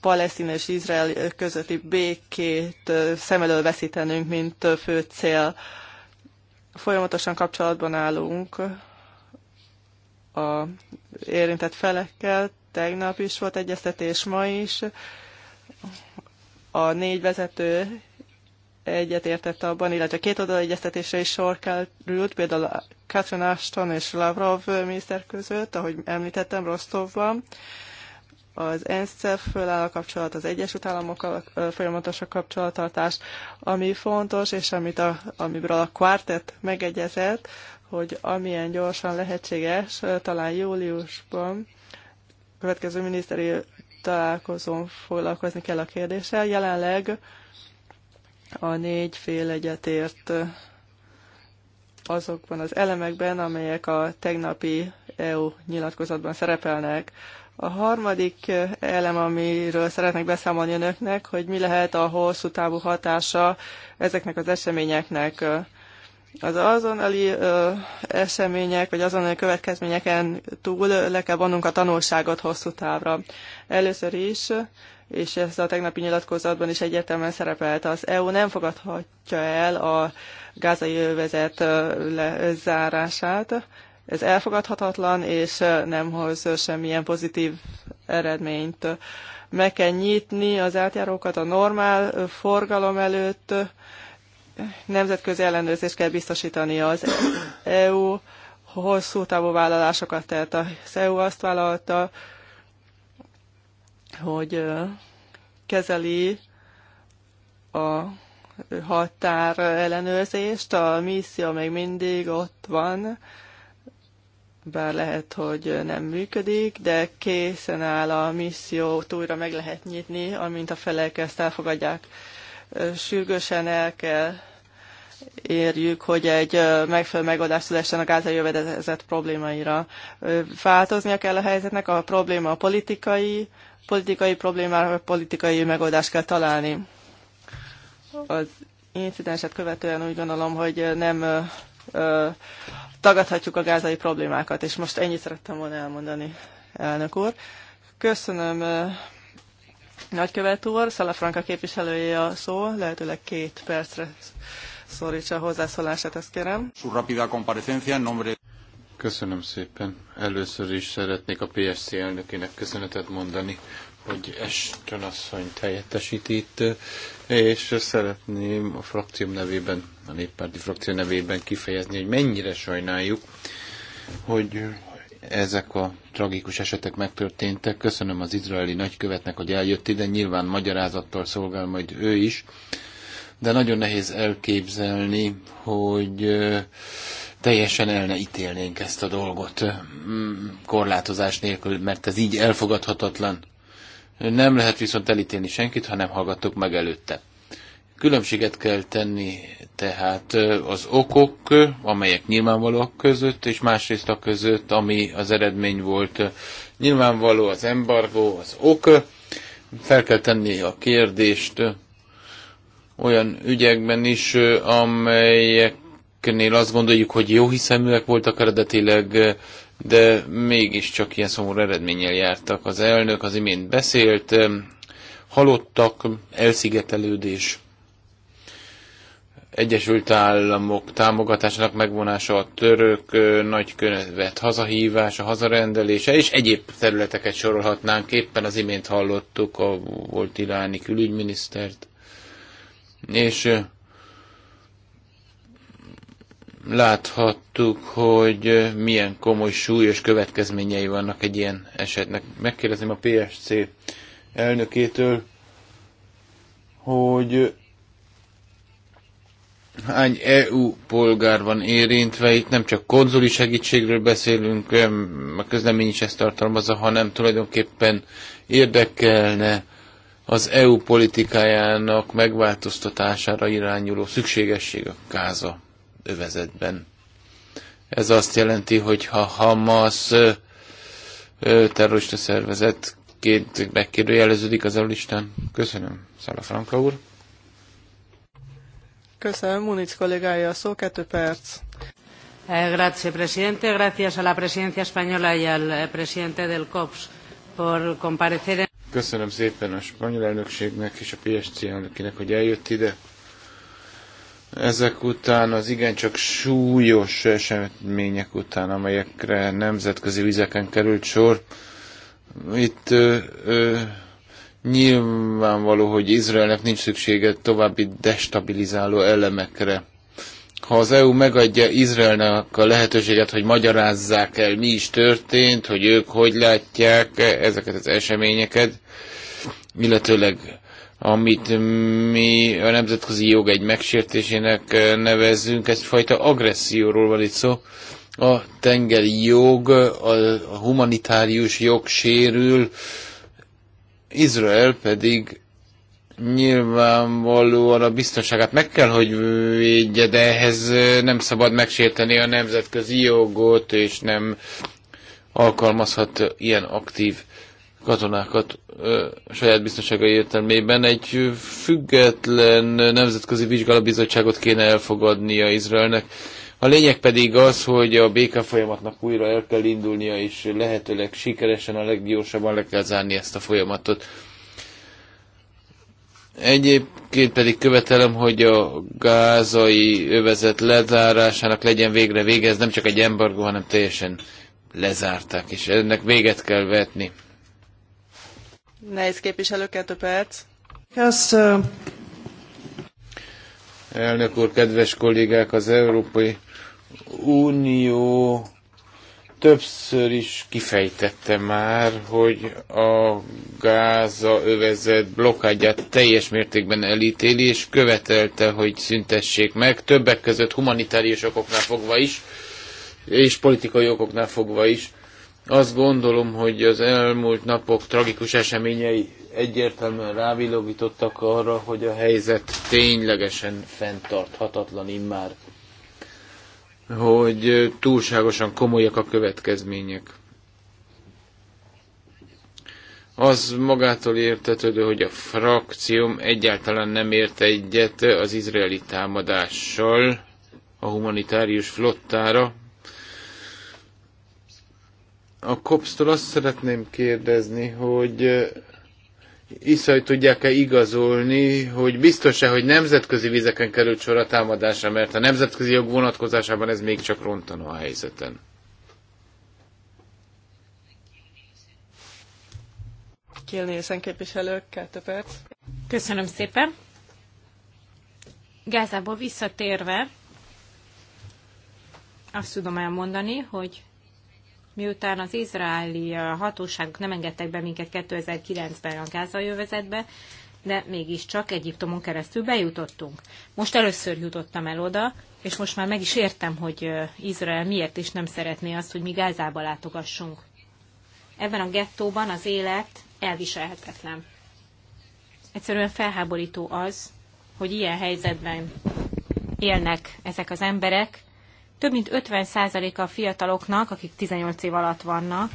palesztin és izrael közötti békét szem elől veszítenünk, mint fő cél. Folyamatosan kapcsolatban állunk a érintett felekkel, tegnap is volt egyeztetés, ma is, a négy vezető egyetértett abban, illetve két oldal is sor került, például Catherine Ashton és Lavrov miniszter között, ahogy említettem, Rostovban. Az ENSZ-szel föláll a kapcsolat, az Egyesült Államokkal folyamatos a kapcsolattartás, ami fontos, és amit a, amiből a kvartett megegyezett, hogy amilyen gyorsan lehetséges, talán júliusban következő miniszteri találkozón foglalkozni kell a kérdéssel. Jelenleg a négy fél egyetért azokban az elemekben, amelyek a tegnapi EU nyilatkozatban szerepelnek. A harmadik elem, amiről szeretnék beszámolni önöknek, hogy mi lehet a hosszú távú hatása ezeknek az eseményeknek. Az azonnali ö, események, vagy azonnali következményeken túl le kell vonnunk a tanulságot hosszú távra. Először is, és ez a tegnapi nyilatkozatban is egyértelműen szerepelt, az EU nem fogadhatja el a gázai övezet lezárását. Ez elfogadhatatlan, és nem hoz semmilyen pozitív eredményt. Meg kell nyitni az átjárókat a normál forgalom előtt, nemzetközi ellenőrzést kell biztosítani az EU hosszú távú vállalásokat tett. Az EU azt vállalta, hogy kezeli a határ ellenőrzést. A misszió még mindig ott van, bár lehet, hogy nem működik, de készen áll a misszió, újra meg lehet nyitni, amint a felek ezt elfogadják sürgősen el kell érjük, hogy egy megfelelő megoldást szülessen a gázai jövedelmezett problémáira. Változnia kell a helyzetnek, a probléma a politikai, politikai problémára politikai megoldást kell találni. Az incidenset követően úgy gondolom, hogy nem ö, ö, tagadhatjuk a gázai problémákat, és most ennyit szerettem volna elmondani, elnök úr. Köszönöm Nagykövet úr, Szalafranka képviselője a szó, lehetőleg két percre szorítsa a hozzászólását, ezt kérem. Köszönöm szépen. Először is szeretnék a PSC elnökének köszönetet mondani, hogy Eston asszony helyettesít itt, és szeretném a frakcióm nevében, a néppárti frakció nevében kifejezni, hogy mennyire sajnáljuk, hogy ezek a tragikus esetek megtörténtek. Köszönöm az izraeli nagykövetnek, hogy eljött ide, nyilván magyarázattal szolgál majd ő is, de nagyon nehéz elképzelni, hogy teljesen el ne ítélnénk ezt a dolgot mm, korlátozás nélkül, mert ez így elfogadhatatlan. Nem lehet viszont elítélni senkit, ha nem hallgattuk meg előtte. Különbséget kell tenni tehát az okok, amelyek nyilvánvalóak között, és másrészt a között, ami az eredmény volt. Nyilvánvaló az embargó, az ok. Fel kell tenni a kérdést olyan ügyekben is, amelyeknél azt gondoljuk, hogy jó hiszeműek voltak eredetileg, de mégiscsak ilyen szomorú eredménnyel jártak. Az elnök az imént beszélt, halottak, elszigetelődés, Egyesült Államok támogatásának megvonása, a török nagykövet hazahívása, hazarendelése, és egyéb területeket sorolhatnánk. Éppen az imént hallottuk a volt iráni külügyminisztert, és láthattuk, hogy milyen komoly, súlyos következményei vannak egy ilyen esetnek. Megkérdezem a PSC elnökétől, hogy hány EU polgár van érintve, itt nem csak konzuli segítségről beszélünk, a közlemény is ezt tartalmazza, hanem tulajdonképpen érdekelne az EU politikájának megváltoztatására irányuló szükségesség a Gáza övezetben. Ez azt jelenti, hogy ha Hamas terrorista szervezetként megkérdőjeleződik az listán. Köszönöm, Szala Franka úr. Köszönöm, Munic kollégája a szó, kettő perc. Eh, grazie, presidente. Gracias a la presidencia española y al eh, presidente del COPS por comparecer. Köszönöm szépen a spanyol elnökségnek és a PSC elnökének, hogy eljött ide. Ezek után az igencsak súlyos események után, amelyekre nemzetközi vizeken került sor, itt ö, ö, Nyilvánvaló, hogy Izraelnek nincs szüksége további destabilizáló elemekre. Ha az EU megadja Izraelnek a lehetőséget, hogy magyarázzák el, mi is történt, hogy ők hogy látják ezeket az eseményeket, illetőleg amit mi a nemzetközi jog egy megsértésének nevezzünk, egyfajta agresszióról van itt szó. A tengeri jog, a humanitárius jog sérül, Izrael pedig nyilvánvalóan a biztonságát meg kell, hogy védje, de ehhez nem szabad megsérteni a nemzetközi jogot, és nem alkalmazhat ilyen aktív katonákat ö, saját biztonságai értelmében. Egy független nemzetközi vizsgálatbizottságot kéne elfogadnia Izraelnek, a lényeg pedig az, hogy a béka folyamatnak újra el kell indulnia, és lehetőleg sikeresen, a leggyorsabban le kell zárni ezt a folyamatot. Egyébként pedig követelem, hogy a gázai övezet lezárásának legyen végre vége, ez nem csak egy embargo, hanem teljesen lezárták, és ennek véget kell vetni. Nehéz képviselő, kettő perc. Köszönöm. Elnök úr, kedves kollégák, az európai Unió többször is kifejtette már, hogy a Gáza övezet blokkádját teljes mértékben elítéli, és követelte, hogy szüntessék meg, többek között humanitárius okoknál fogva is, és politikai okoknál fogva is. Azt gondolom, hogy az elmúlt napok tragikus eseményei egyértelműen rávilogítottak arra, hogy a helyzet ténylegesen fenntarthatatlan immár hogy túlságosan komolyak a következmények. Az magától értetődő, hogy a frakcióm egyáltalán nem ért egyet az izraeli támadással a humanitárius flottára. A kopsztól azt szeretném kérdezni, hogy vissza, hogy tudják-e igazolni, hogy biztos-e, hogy nemzetközi vizeken került sor a támadásra, mert a nemzetközi jog vonatkozásában ez még csak rontana a helyzeten. Kilnészen képviselő, kettő perc. Köszönöm szépen. Gázából visszatérve azt tudom elmondani, hogy miután az izraeli hatóságok nem engedtek be minket 2009-ben a gázai övezetbe, de mégiscsak Egyiptomon keresztül bejutottunk. Most először jutottam el oda, és most már meg is értem, hogy Izrael miért is nem szeretné azt, hogy mi Gázába látogassunk. Ebben a gettóban az élet elviselhetetlen. Egyszerűen felháborító az, hogy ilyen helyzetben élnek ezek az emberek, több mint 50%-a a fiataloknak, akik 18 év alatt vannak,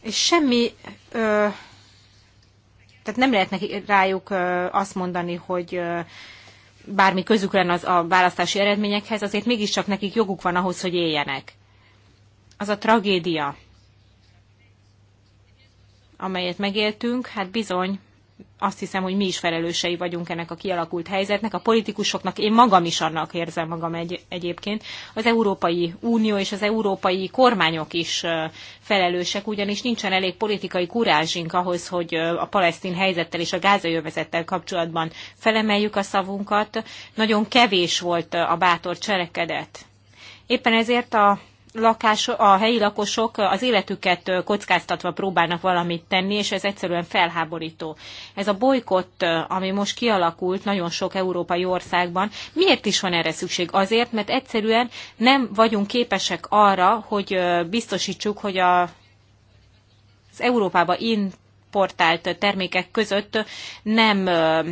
és semmi, ö, tehát nem lehet neki, rájuk ö, azt mondani, hogy ö, bármi közük lenne az a választási eredményekhez, azért mégiscsak nekik joguk van ahhoz, hogy éljenek. Az a tragédia, amelyet megéltünk, hát bizony azt hiszem, hogy mi is felelősei vagyunk ennek a kialakult helyzetnek, a politikusoknak, én magam is annak érzem magam egy, egyébként. Az Európai Unió és az európai kormányok is felelősek, ugyanis nincsen elég politikai kurázsink ahhoz, hogy a palesztin helyzettel és a gázajövezettel kapcsolatban felemeljük a szavunkat. Nagyon kevés volt a bátor cselekedet. Éppen ezért a lakás, a helyi lakosok az életüket kockáztatva próbálnak valamit tenni, és ez egyszerűen felháborító. Ez a bolykott, ami most kialakult nagyon sok európai országban, miért is van erre szükség? Azért, mert egyszerűen nem vagyunk képesek arra, hogy biztosítsuk, hogy a, az Európába in portált termékek között nem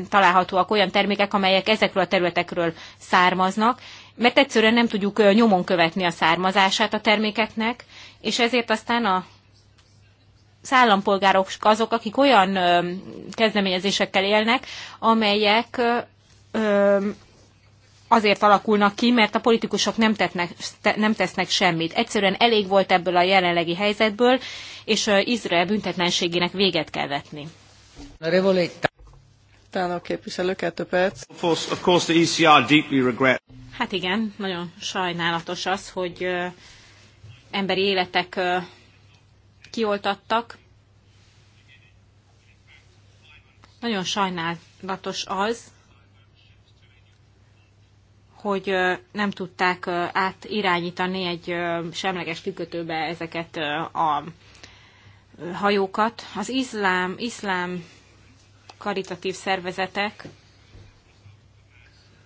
találhatóak olyan termékek, amelyek ezekről a területekről származnak, mert egyszerűen nem tudjuk nyomon követni a származását a termékeknek, és ezért aztán a szállampolgárok, azok, akik olyan kezdeményezésekkel élnek, amelyek azért alakulnak ki, mert a politikusok nem, tetnek, nem tesznek semmit. Egyszerűen elég volt ebből a jelenlegi helyzetből, és Izrael büntetlenségének véget kell vetni. Tánok képviselő, kettő perc. Of course, of course the ECR deeply regret. Hát igen, nagyon sajnálatos az, hogy emberi életek kioltattak. Nagyon sajnálatos az, hogy nem tudták átirányítani egy semleges kikötőbe ezeket a hajókat. Az iszlám, iszlám karitatív szervezetek,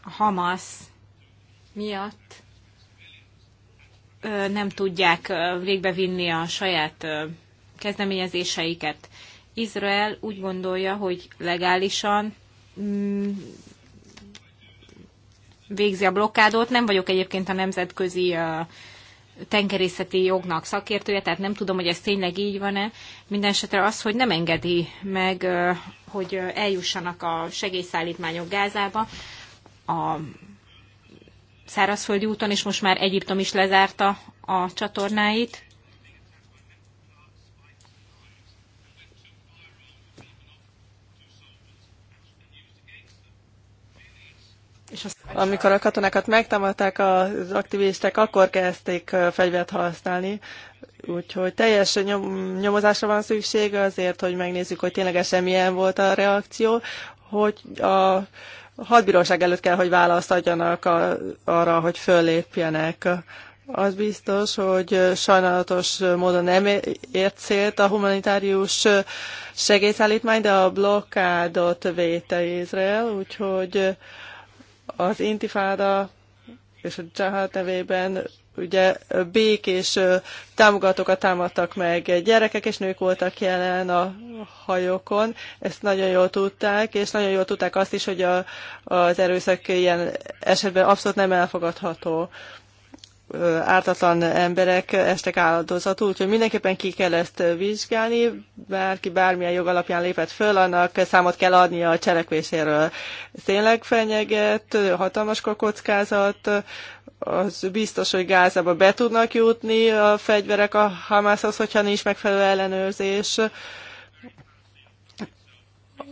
a Hamas, miatt nem tudják végbevinni a saját kezdeményezéseiket. Izrael úgy gondolja, hogy legálisan mm, végzi a blokkádot. Nem vagyok egyébként a nemzetközi tengerészeti jognak szakértője, tehát nem tudom, hogy ez tényleg így van-e. Mindenesetre az, hogy nem engedi meg, hogy eljussanak a segélyszállítmányok Gázába, a szárazföldi úton, és most már Egyiptom is lezárta a csatornáit. Amikor a katonákat megtámadták az aktivisták, akkor kezdték fegyvert használni. Úgyhogy teljes nyom, nyomozásra van szükség azért, hogy megnézzük, hogy ténylegesen milyen volt a reakció, hogy a hadbíróság előtt kell, hogy választ adjanak a, arra, hogy föllépjenek. Az biztos, hogy sajnálatos módon nem ért célt a humanitárius segélyszállítmány, de a blokkádot véte Izrael, úgyhogy az intifáda és a dzsahát nevében ugye békés támogatókat támadtak meg, gyerekek és nők voltak jelen a hajókon, ezt nagyon jól tudták, és nagyon jól tudták azt is, hogy a, az erőszak ilyen esetben abszolút nem elfogadható ártatlan emberek estek áldozatul, úgyhogy mindenképpen ki kell ezt vizsgálni, bárki bármilyen jog alapján lépett föl, annak számot kell adnia a cselekvéséről. Tényleg fenyeget, hatalmas kockázat, az biztos, hogy Gázába be tudnak jutni a fegyverek a Hamászhoz, hogyha nincs megfelelő ellenőrzés.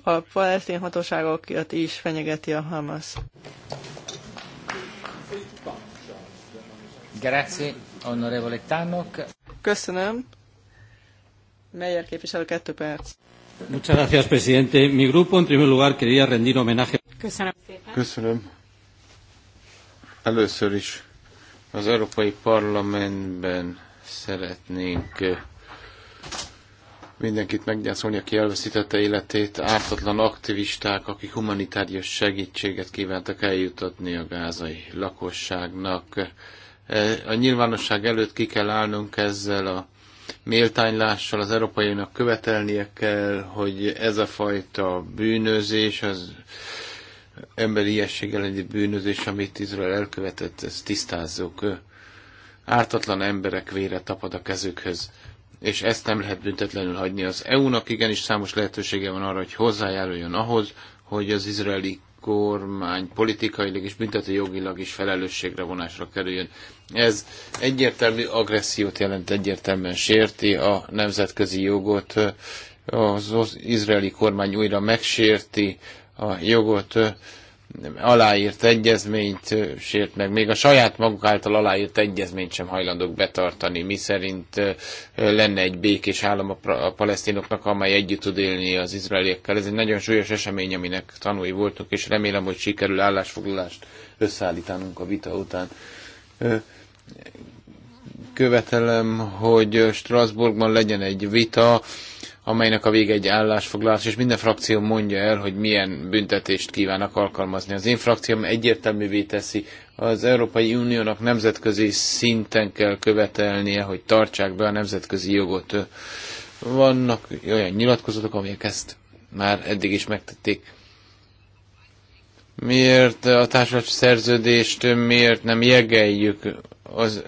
A palesztin hatóságokat is fenyegeti a Hamas. Grazie, onorevole Köszönöm. Meyer képviselő, kettő perc. Muchas gracias, presidente. Mi grupo, en primer lugar, quería rendir homenaje. Köszönöm Köszönöm. Először is az Európai Parlamentben szeretnénk eh, mindenkit meggyászolni, aki elveszítette életét, ártatlan aktivisták, akik humanitárius segítséget kívántak eljutatni a gázai lakosságnak. Eh, a nyilvánosság előtt ki kell állnunk ezzel a méltánylással, az európainak követelnie kell, hogy ez a fajta bűnözés, az emberi ilyességgel egy bűnözés, amit Izrael elkövetett, ezt tisztázzuk. Ártatlan emberek vére tapad a kezükhöz és ezt nem lehet büntetlenül hagyni. Az EU-nak igenis számos lehetősége van arra, hogy hozzájáruljon ahhoz, hogy az izraeli kormány politikailag és jogilag is felelősségre vonásra kerüljön. Ez egyértelmű agressziót jelent, egyértelműen sérti a nemzetközi jogot, az, az izraeli kormány újra megsérti a jogot, aláírt egyezményt sért meg, még a saját maguk által aláírt egyezményt sem hajlandók betartani, mi szerint lenne egy békés állam a palesztinoknak, amely együtt tud élni az izraeliekkel. Ez egy nagyon súlyos esemény, aminek tanúi voltunk, és remélem, hogy sikerül állásfoglalást összeállítanunk a vita után. Követelem, hogy Strasbourgban legyen egy vita, amelynek a vége egy állásfoglalás, és minden frakció mondja el, hogy milyen büntetést kívánnak alkalmazni. Az én frakcióm egyértelművé teszi, az Európai Uniónak nemzetközi szinten kell követelnie, hogy tartsák be a nemzetközi jogot. Vannak olyan nyilatkozatok, amelyek ezt már eddig is megtették. Miért a társadalmi szerződést, miért nem jegeljük az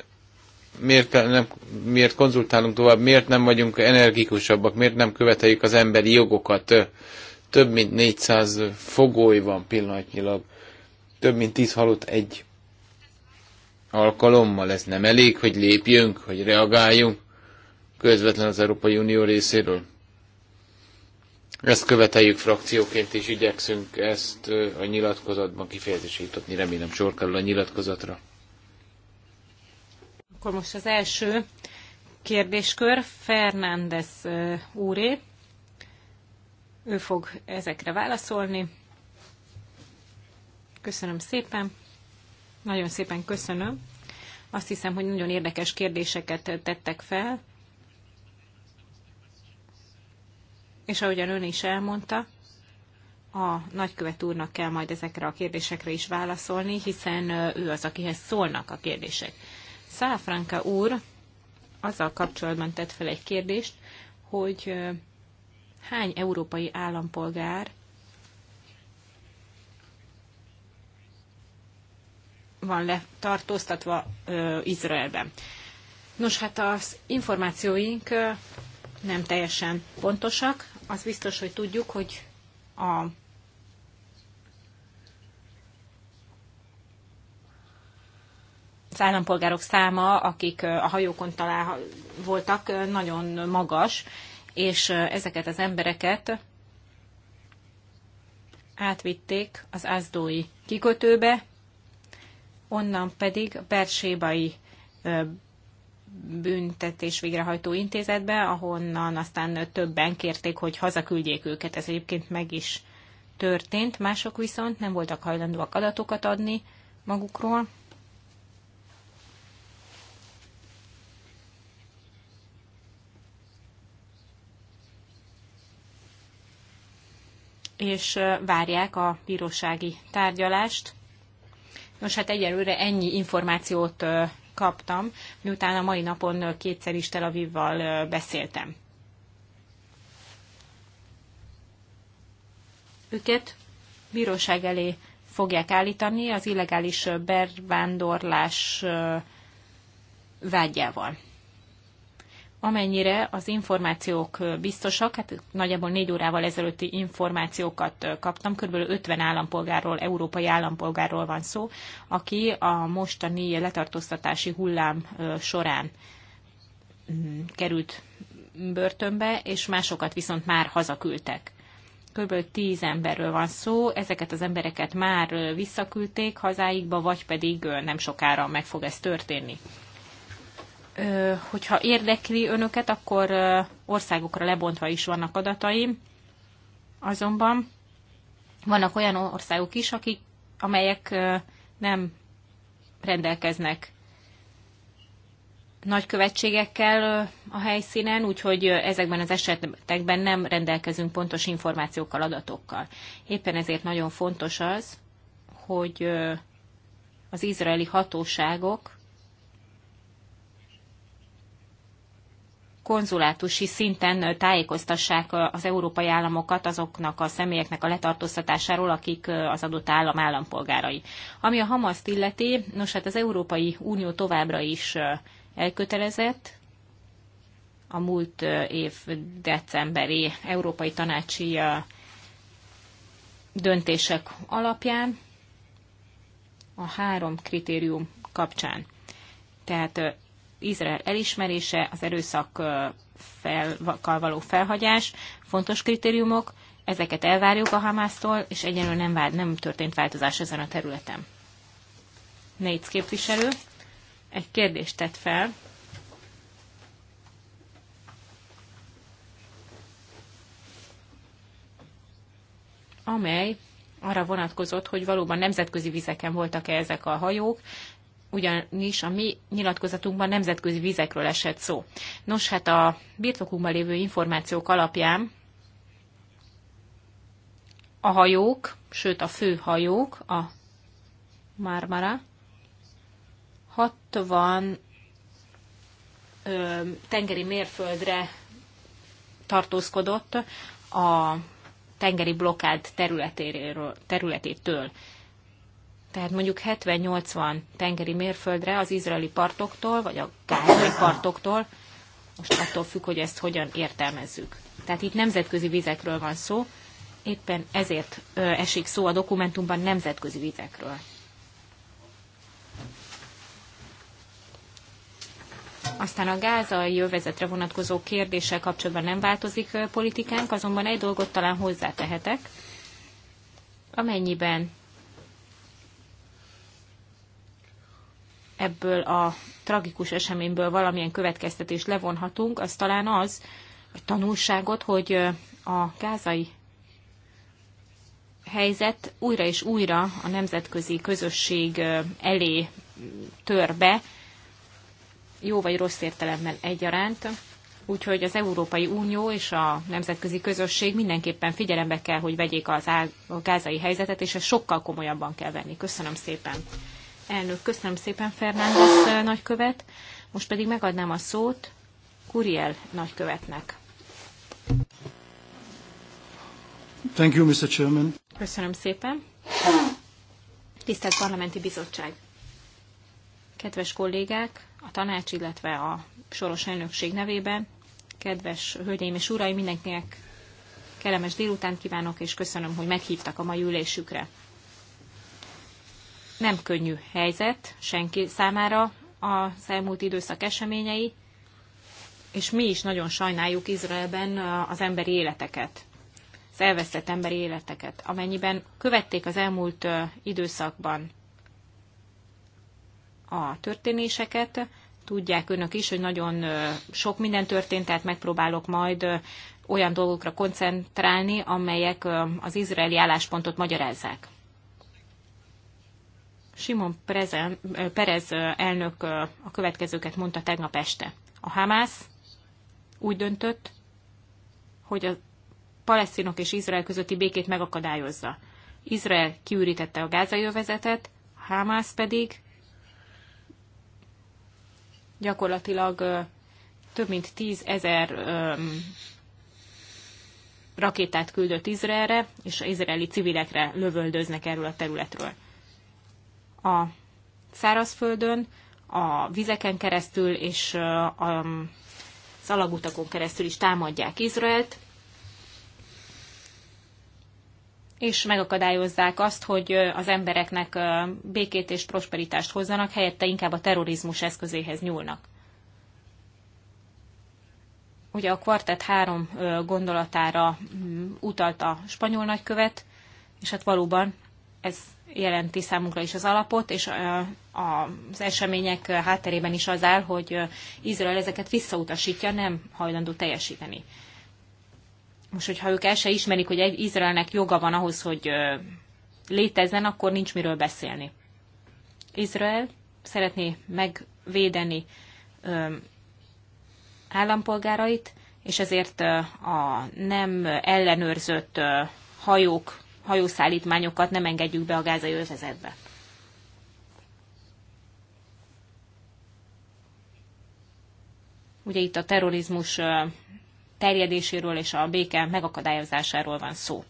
miért, nem, miért konzultálunk tovább, miért nem vagyunk energikusabbak, miért nem követeljük az emberi jogokat. Több mint 400 fogoly van pillanatnyilag, több mint 10 halott egy alkalommal. Ez nem elég, hogy lépjünk, hogy reagáljunk közvetlen az Európai Unió részéről. Ezt követeljük frakcióként, és igyekszünk ezt a nyilatkozatban kifejezésítetni. Remélem sor kerül a nyilatkozatra. Akkor most az első kérdéskör Fernández úré. Ő fog ezekre válaszolni. Köszönöm szépen. Nagyon szépen köszönöm. Azt hiszem, hogy nagyon érdekes kérdéseket tettek fel. És ahogyan ön is elmondta, a nagykövet úrnak kell majd ezekre a kérdésekre is válaszolni, hiszen ő az, akihez szólnak a kérdések. Száfranka úr azzal kapcsolatban tett fel egy kérdést, hogy hány európai állampolgár van letartóztatva Izraelben. Nos, hát az információink nem teljesen pontosak. Az biztos, hogy tudjuk, hogy a az állampolgárok száma, akik a hajókon talál voltak, nagyon magas, és ezeket az embereket átvitték az Ázdói kikötőbe, onnan pedig a Bersébai büntetés végrehajtó intézetbe, ahonnan aztán többen kérték, hogy hazaküldjék őket. Ez egyébként meg is történt, mások viszont nem voltak hajlandóak adatokat adni magukról. és várják a bírósági tárgyalást. Nos, hát egyelőre ennyi információt kaptam, miután a mai napon kétszer is Tel Avivval beszéltem. Őket bíróság elé fogják állítani az illegális bervándorlás vágyával amennyire az információk biztosak, hát nagyjából négy órával ezelőtti információkat kaptam, kb. 50 állampolgárról, európai állampolgárról van szó, aki a mostani letartóztatási hullám során mm, került börtönbe, és másokat viszont már hazaküldtek. Kb. 10 emberről van szó, ezeket az embereket már visszaküldték hazáikba, vagy pedig nem sokára meg fog ez történni hogyha érdekli önöket, akkor országokra lebontva is vannak adataim. Azonban vannak olyan országok is, akik, amelyek nem rendelkeznek nagykövetségekkel a helyszínen, úgyhogy ezekben az esetekben nem rendelkezünk pontos információkkal, adatokkal. Éppen ezért nagyon fontos az, hogy az izraeli hatóságok konzulátusi szinten tájékoztassák az európai államokat azoknak a személyeknek a letartóztatásáról, akik az adott állam állampolgárai. Ami a Hamaszt illeti, nos hát az Európai Unió továbbra is elkötelezett a múlt év decemberi Európai Tanácsi döntések alapján a három kritérium kapcsán. Tehát Izrael elismerése, az erőszakkal való felhagyás, fontos kritériumok, ezeket elvárjuk a Hamásztól, és egyelőre nem, vár, nem történt változás ezen a területen. Négy képviselő egy kérdést tett fel. amely arra vonatkozott, hogy valóban nemzetközi vizeken voltak-e ezek a hajók, ugyanis a mi nyilatkozatunkban nemzetközi vizekről esett szó. Nos, hát a birtokunkban lévő információk alapján a hajók, sőt a fő hajók, a Marmara, 60 ö, tengeri mérföldre tartózkodott a tengeri blokád területéről, területétől tehát mondjuk 70-80 tengeri mérföldre az izraeli partoktól, vagy a gázai partoktól, most attól függ, hogy ezt hogyan értelmezzük. Tehát itt nemzetközi vizekről van szó, éppen ezért ö, esik szó a dokumentumban nemzetközi vizekről. Aztán a gázai jövezetre vonatkozó kérdéssel kapcsolatban nem változik politikánk, azonban egy dolgot talán hozzátehetek, amennyiben ebből a tragikus eseményből valamilyen következtetést levonhatunk, az talán az, hogy tanulságot, hogy a gázai helyzet újra és újra a nemzetközi közösség elé törbe, jó vagy rossz értelemmel egyaránt. Úgyhogy az Európai Unió és a nemzetközi közösség mindenképpen figyelembe kell, hogy vegyék az á- a gázai helyzetet, és ezt sokkal komolyabban kell venni. Köszönöm szépen! Elnök, köszönöm szépen Fernández nagykövet. Most pedig megadnám a szót Kuriel nagykövetnek. Thank you, Mr. Chairman. Köszönöm szépen. Tisztelt Parlamenti Bizottság! Kedves kollégák, a tanács, illetve a soros elnökség nevében, kedves hölgyeim és uraim, mindenkinek kellemes délután kívánok, és köszönöm, hogy meghívtak a mai ülésükre nem könnyű helyzet senki számára az elmúlt időszak eseményei, és mi is nagyon sajnáljuk Izraelben az emberi életeket, az elvesztett emberi életeket. Amennyiben követték az elmúlt időszakban a történéseket, tudják önök is, hogy nagyon sok minden történt, tehát megpróbálok majd olyan dolgokra koncentrálni, amelyek az izraeli álláspontot magyarázzák. Simon Prezen, Perez eh, eh, elnök eh, a következőket mondta tegnap este. A Hamász úgy döntött, hogy a palesztinok és Izrael közötti békét megakadályozza. Izrael kiürítette a gázai övezetet, Hamász pedig gyakorlatilag több mint tízezer rakétát küldött Izraelre, és az izraeli civilekre lövöldöznek erről a területről a szárazföldön, a vizeken keresztül és a szalagutakon keresztül is támadják Izraelt, és megakadályozzák azt, hogy az embereknek békét és prosperitást hozzanak, helyette inkább a terrorizmus eszközéhez nyúlnak. Ugye a kvartett három gondolatára mm, utalt a spanyol nagykövet, és hát valóban ez jelenti számunkra is az alapot, és az események hátterében is az áll, hogy Izrael ezeket visszautasítja, nem hajlandó teljesíteni. Most, hogyha ők el se ismerik, hogy egy Izraelnek joga van ahhoz, hogy létezzen, akkor nincs miről beszélni. Izrael szeretné megvédeni állampolgárait, és ezért a nem ellenőrzött hajók hajószállítmányokat nem engedjük be a gázai övezetbe. Ugye itt a terrorizmus terjedéséről és a béke megakadályozásáról van szó.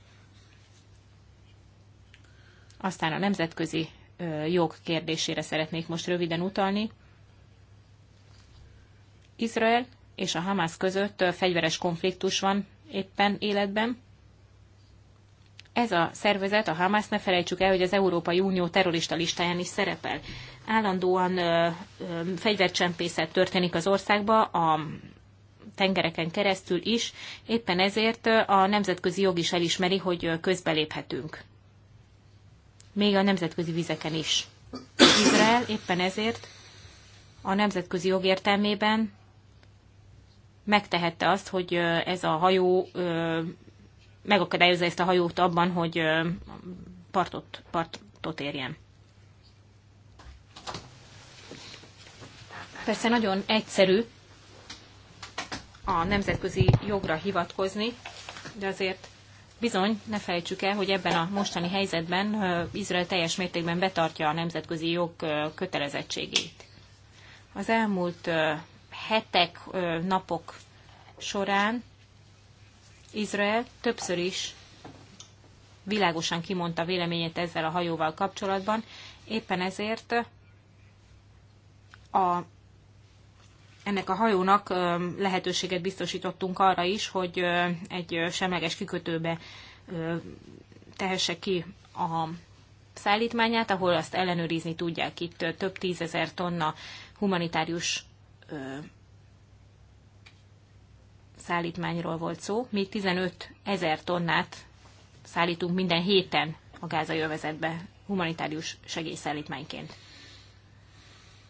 Aztán a nemzetközi jog kérdésére szeretnék most röviden utalni. Izrael és a Hamász között fegyveres konfliktus van éppen életben. Ez a szervezet, a Hamas, ne felejtsük el, hogy az Európai Unió terrorista listáján is szerepel. Állandóan ö, ö, fegyvercsempészet történik az országba, a tengereken keresztül is, éppen ezért a nemzetközi jog is elismeri, hogy közbeléphetünk. Még a nemzetközi vizeken is. Izrael éppen ezért a nemzetközi jog értelmében megtehette azt, hogy ez a hajó megakadályozza ezt a hajót abban, hogy partot, partot érjen. Persze nagyon egyszerű a nemzetközi jogra hivatkozni, de azért bizony ne felejtsük el, hogy ebben a mostani helyzetben Izrael teljes mértékben betartja a nemzetközi jog kötelezettségét. Az elmúlt hetek, napok során Izrael többször is világosan kimondta véleményét ezzel a hajóval kapcsolatban, éppen ezért a, ennek a hajónak lehetőséget biztosítottunk arra is, hogy egy semleges kikötőbe tehesse ki a szállítmányát, ahol azt ellenőrizni tudják itt több tízezer tonna humanitárius szállítmányról volt szó. Mi 15 ezer tonnát szállítunk minden héten a gázai övezetbe humanitárius segélyszállítmányként.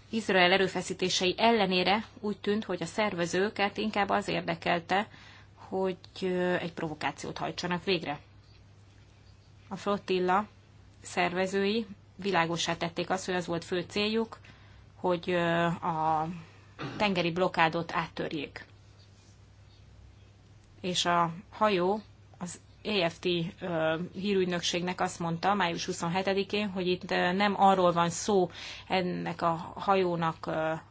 Izrael erőfeszítései ellenére úgy tűnt, hogy a szervezőket inkább az érdekelte, hogy egy provokációt hajtsanak végre. A flottilla szervezői világosá tették azt, hogy az volt fő céljuk, hogy a tengeri blokádot áttörjék és a hajó az EFT hírügynökségnek azt mondta május 27-én, hogy itt nem arról van szó ennek a hajónak,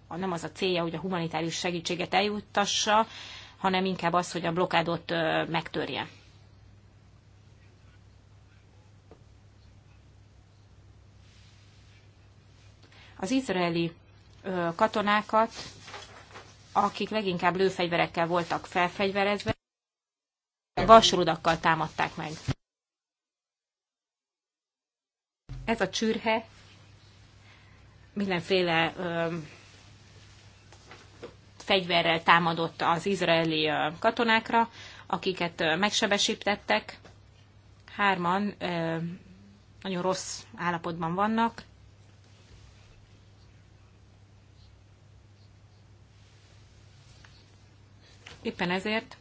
nem az a célja, hogy a humanitárius segítséget eljuttassa, hanem inkább az, hogy a blokádot megtörje. Az izraeli katonákat, akik leginkább lőfegyverekkel voltak felfegyverezve, vasrudakkal támadták meg. Ez a csürhe mindenféle ö, fegyverrel támadott az izraeli ö, katonákra, akiket ö, megsebesítettek. Hárman ö, nagyon rossz állapotban vannak. Éppen ezért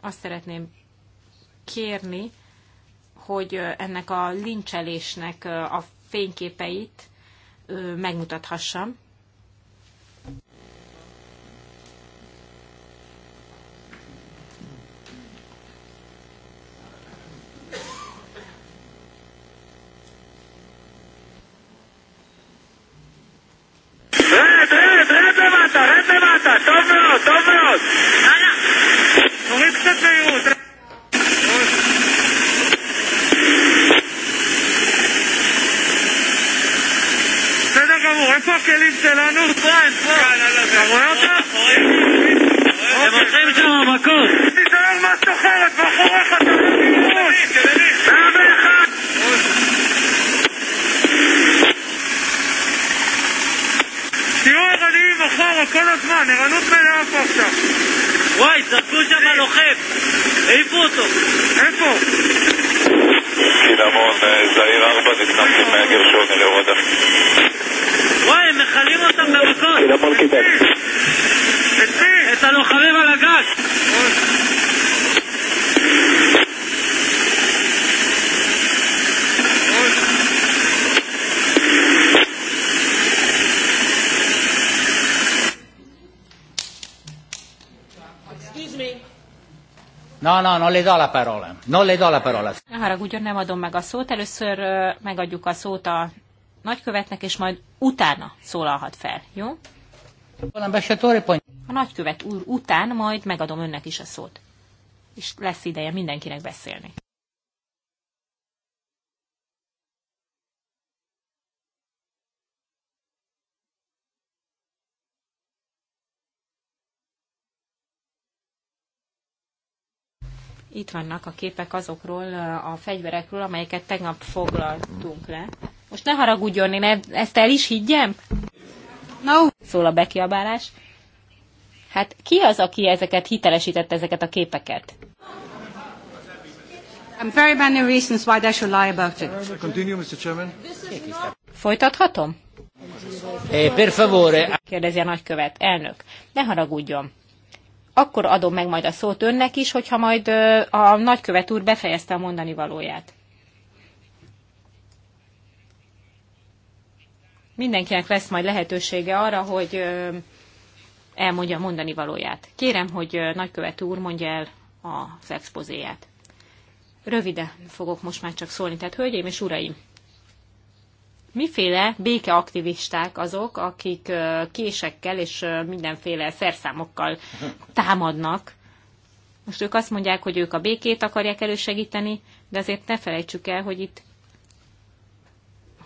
azt szeretném kérni, hogy ennek a lincselésnek a fényképeit megmutathassam. טוב מאוד, טוב מאוד. יאללה, נוריד קצת מהירות. הכלים שלנו? אתה רואה אותה? הם עושים שם מכות. תיזהר מה את אוכלת, מאחוריך אתה לא תהיו ערניים אחורה כל הזמן, ערנות מלאה פה עכשיו. וואי, זרקו שם לוחם, העיפו אותו. איפה? קינמון, זעיר 4, נכנסתי מהגרשוני להורדה. וואי, הם מכלים אותם במכות! סילבון קיבל. את הלוחמים על הגג! No, no, non le do la parola. Non le do la parola. Ne haragudjon, nem adom meg a szót. Először megadjuk a szót a nagykövetnek, és majd utána szólalhat fel, jó? A nagykövet úr után majd megadom önnek is a szót. És lesz ideje mindenkinek beszélni. itt vannak a képek azokról a fegyverekről, amelyeket tegnap foglaltunk le. Most ne haragudjon, én e- ezt el is higgyem? No. Szól a bekiabálás. Hát ki az, aki ezeket hitelesítette, ezeket a képeket? I'm very many reasons why they should lie about it. Continue, Mr. Chairman. Folytathatom? Eh, per favore. Kérdezi a nagykövet. Elnök, ne haragudjon. Akkor adom meg majd a szót önnek is, hogyha majd a nagykövet úr befejezte a mondani valóját. mindenkinek lesz majd lehetősége arra, hogy elmondja a mondani valóját. Kérem, hogy nagykövet úr mondja el az expozéját. Röviden fogok most már csak szólni, tehát hölgyeim és uraim, miféle békeaktivisták azok, akik késekkel és mindenféle szerszámokkal támadnak. Most ők azt mondják, hogy ők a békét akarják elősegíteni, de azért ne felejtsük el, hogy itt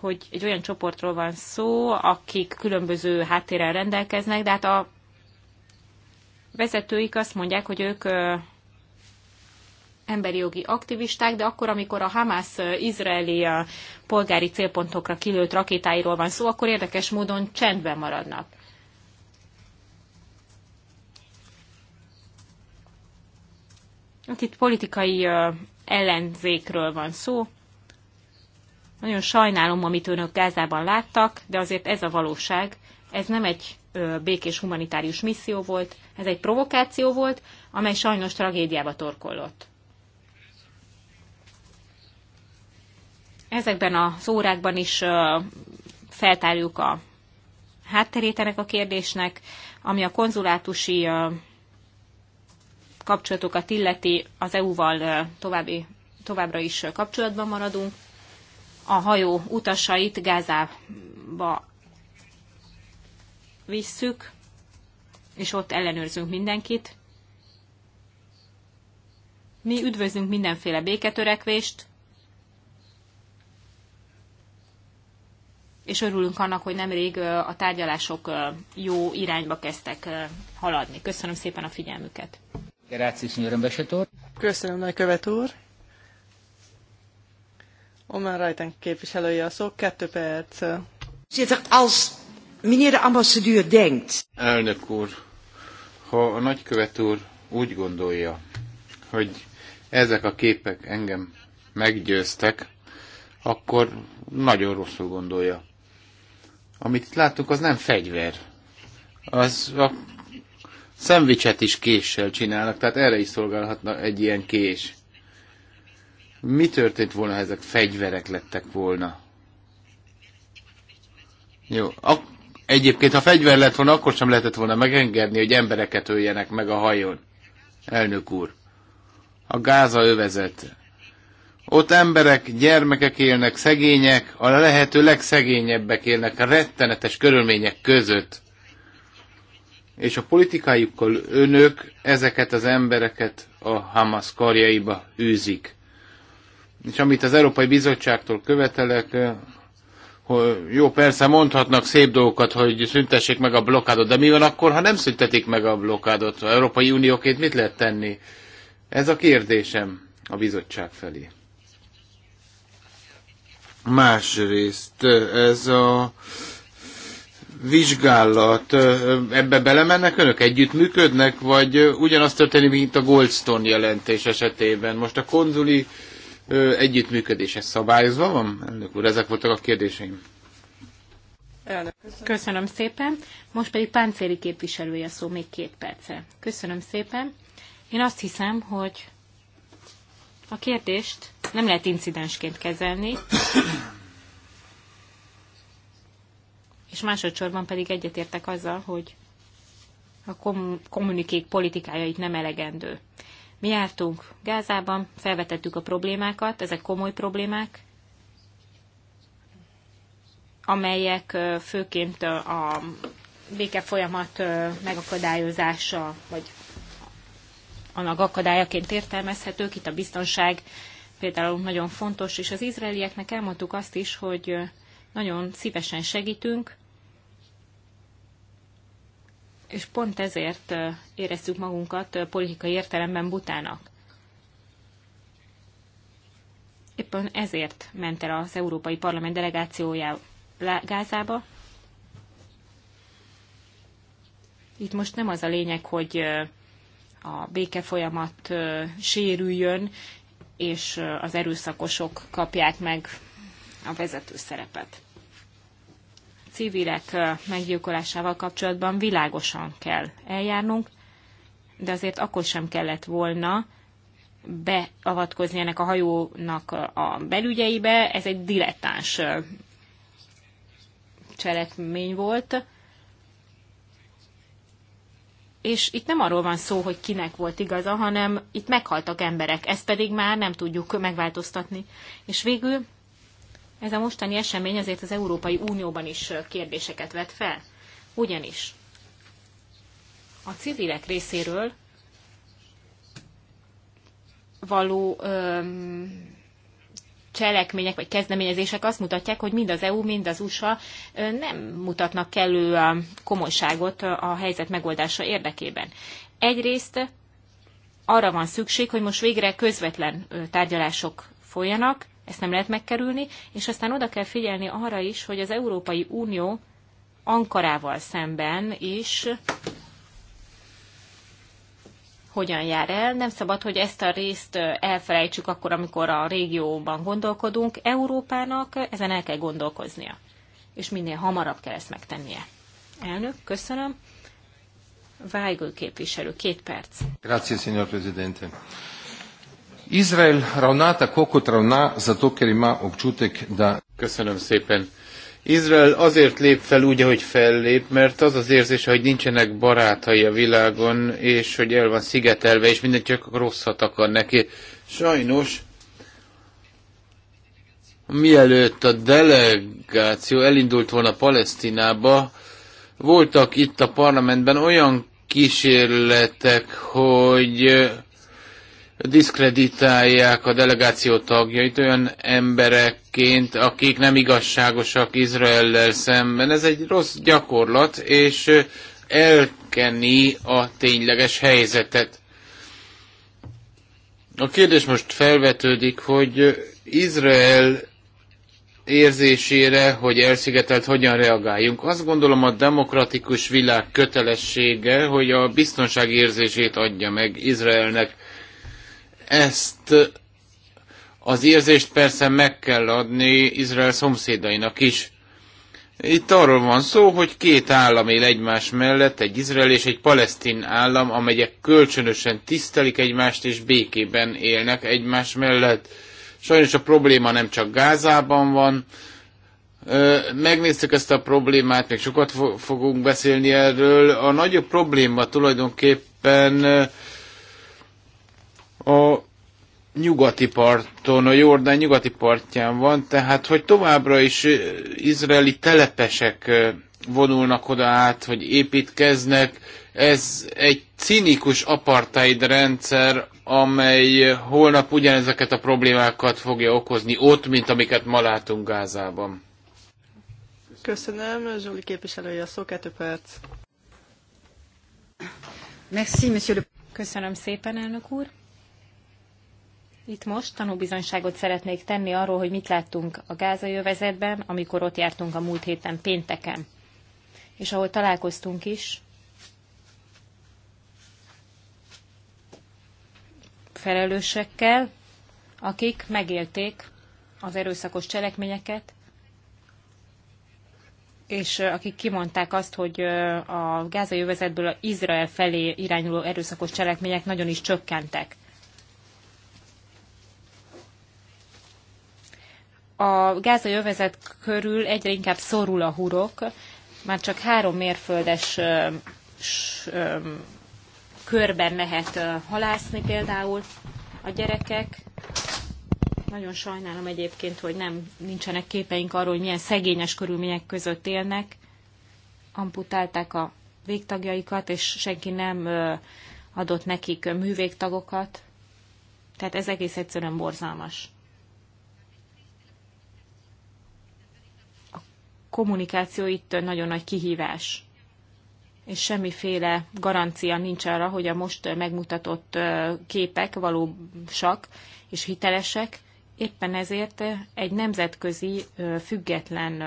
hogy egy olyan csoportról van szó, akik különböző háttérrel rendelkeznek, de hát a vezetőik azt mondják, hogy ők emberi jogi aktivisták, de akkor, amikor a Hamas, izraeli polgári célpontokra kilőtt rakétáiról van szó, akkor érdekes módon csendben maradnak. Hát itt politikai ellenzékről van szó, nagyon sajnálom, amit önök Gázában láttak, de azért ez a valóság. Ez nem egy békés humanitárius misszió volt, ez egy provokáció volt, amely sajnos tragédiába torkollott. Ezekben az órákban is feltárjuk a hátterét ennek a kérdésnek, ami a konzulátusi kapcsolatokat illeti, az EU-val további, továbbra is kapcsolatban maradunk a hajó utasait Gázába visszük, és ott ellenőrzünk mindenkit. Mi üdvözlünk mindenféle béketörekvést, és örülünk annak, hogy nemrég a tárgyalások jó irányba kezdtek haladni. Köszönöm szépen a figyelmüket. Grazie, signor Köszönöm, nagykövet úr. Omen Rajten képviselője a szó, kettő perc. Zitter, als meneer de ambassadeur denkt... Elnök úr, ha a nagykövet úr úgy gondolja, hogy ezek a képek engem meggyőztek, akkor nagyon rosszul gondolja. Amit itt látunk, az nem fegyver. Az a szendvicset is késsel csinálnak, tehát erre is szolgálhatna egy ilyen kés. Mi történt volna, ha ezek fegyverek lettek volna? Jó, a, egyébként ha fegyver lett volna, akkor sem lehetett volna megengedni, hogy embereket öljenek meg a hajón. Elnök úr, a Gáza övezet. Ott emberek, gyermekek élnek, szegények, a lehető legszegényebbek élnek, a rettenetes körülmények között. És a politikájukkal önök ezeket az embereket a Hamas karjaiba űzik. És amit az Európai Bizottságtól követelek, eh, jó, persze mondhatnak szép dolgokat, hogy szüntessék meg a blokádot, de mi van akkor, ha nem szüntetik meg a blokádot? A Európai Unióként mit lehet tenni? Ez a kérdésem a bizottság felé. Másrészt eh, ez a vizsgálat, eh, ebbe belemennek önök, együttműködnek, vagy ugyanaz történik, mint a Goldstone jelentés esetében. Most a konzuli együttműködése szabályozva van? Elnök úr, ezek voltak a kérdéseim. Elnök, köszönöm. köszönöm szépen. Most pedig páncéli képviselője szó még két perce. Köszönöm szépen. Én azt hiszem, hogy a kérdést nem lehet incidensként kezelni, és másodszorban pedig egyetértek azzal, hogy a kommunikék politikája itt nem elegendő. Mi jártunk Gázában, felvetettük a problémákat, ezek komoly problémák, amelyek főként a béke folyamat megakadályozása, vagy annak akadályaként értelmezhetők. Itt a biztonság például nagyon fontos, és az izraelieknek elmondtuk azt is, hogy nagyon szívesen segítünk, és pont ezért éreztük magunkat politikai értelemben butának. Éppen ezért ment el az Európai Parlament delegációja Gázába. Itt most nem az a lényeg, hogy a béke folyamat sérüljön, és az erőszakosok kapják meg a vezető szerepet civilek meggyilkolásával kapcsolatban világosan kell eljárnunk, de azért akkor sem kellett volna beavatkozni ennek a hajónak a belügyeibe. Ez egy dilettáns cselekmény volt. És itt nem arról van szó, hogy kinek volt igaza, hanem itt meghaltak emberek. Ezt pedig már nem tudjuk megváltoztatni. És végül ez a mostani esemény azért az Európai Unióban is kérdéseket vet fel. Ugyanis a civilek részéről való öm, cselekmények vagy kezdeményezések azt mutatják, hogy mind az EU, mind az USA nem mutatnak kellő komolyságot a helyzet megoldása érdekében. Egyrészt arra van szükség, hogy most végre közvetlen tárgyalások folyanak, ezt nem lehet megkerülni, és aztán oda kell figyelni arra is, hogy az Európai Unió Ankarával szemben is hogyan jár el. Nem szabad, hogy ezt a részt elfelejtsük akkor, amikor a régióban gondolkodunk. Európának ezen el kell gondolkoznia, és minél hamarabb kell ezt megtennie. Elnök, köszönöm. Weigl képviselő, két perc. Grazie, signor Presidente. Izrael ravna tako, kot ravna, zato ker ima občutek, da. Köszönöm szépen. Izrael azért lép fel úgy, ahogy fellép, mert az az érzés, hogy nincsenek barátai a világon, és hogy el van szigetelve, és mindenki csak rosszat akar neki. Sajnos, mielőtt a delegáció elindult volna Palesztinába, voltak itt a parlamentben olyan kísérletek, hogy diszkreditálják a delegáció tagjait olyan emberekként, akik nem igazságosak Izraellel szemben. Ez egy rossz gyakorlat, és elkeni a tényleges helyzetet. A kérdés most felvetődik, hogy Izrael érzésére, hogy elszigetelt hogyan reagáljunk. Azt gondolom a demokratikus világ kötelessége, hogy a biztonság érzését adja meg Izraelnek ezt az érzést persze meg kell adni Izrael szomszédainak is. Itt arról van szó, hogy két állam él egymás mellett, egy Izrael és egy palesztin állam, amelyek kölcsönösen tisztelik egymást és békében élnek egymás mellett. Sajnos a probléma nem csak Gázában van. Megnéztük ezt a problémát, még sokat fogunk beszélni erről. A nagyobb probléma tulajdonképpen a nyugati parton, a Jordán nyugati partján van, tehát hogy továbbra is izraeli telepesek vonulnak oda át, hogy építkeznek, ez egy cinikus apartheid rendszer, amely holnap ugyanezeket a problémákat fogja okozni ott, mint amiket ma látunk Gázában. Köszönöm, Zsuli képviselője a szó, kettő perc. Merci, monsieur le... Köszönöm szépen, elnök úr. Itt most tanúbizonyságot szeretnék tenni arról, hogy mit láttunk a gázai övezetben, amikor ott jártunk a múlt héten pénteken, és ahol találkoztunk is felelősekkel, akik megélték az erőszakos cselekményeket, és akik kimondták azt, hogy a gázai övezetből az Izrael felé irányuló erőszakos cselekmények nagyon is csökkentek. a gázai övezet körül egyre inkább szorul a hurok, már csak három mérföldes körben lehet halászni például a gyerekek. Nagyon sajnálom egyébként, hogy nem nincsenek képeink arról, hogy milyen szegényes körülmények között élnek. Amputálták a végtagjaikat, és senki nem adott nekik művégtagokat. Tehát ez egész egyszerűen borzalmas. kommunikáció itt nagyon nagy kihívás, és semmiféle garancia nincs arra, hogy a most megmutatott képek valósak és hitelesek. Éppen ezért egy nemzetközi független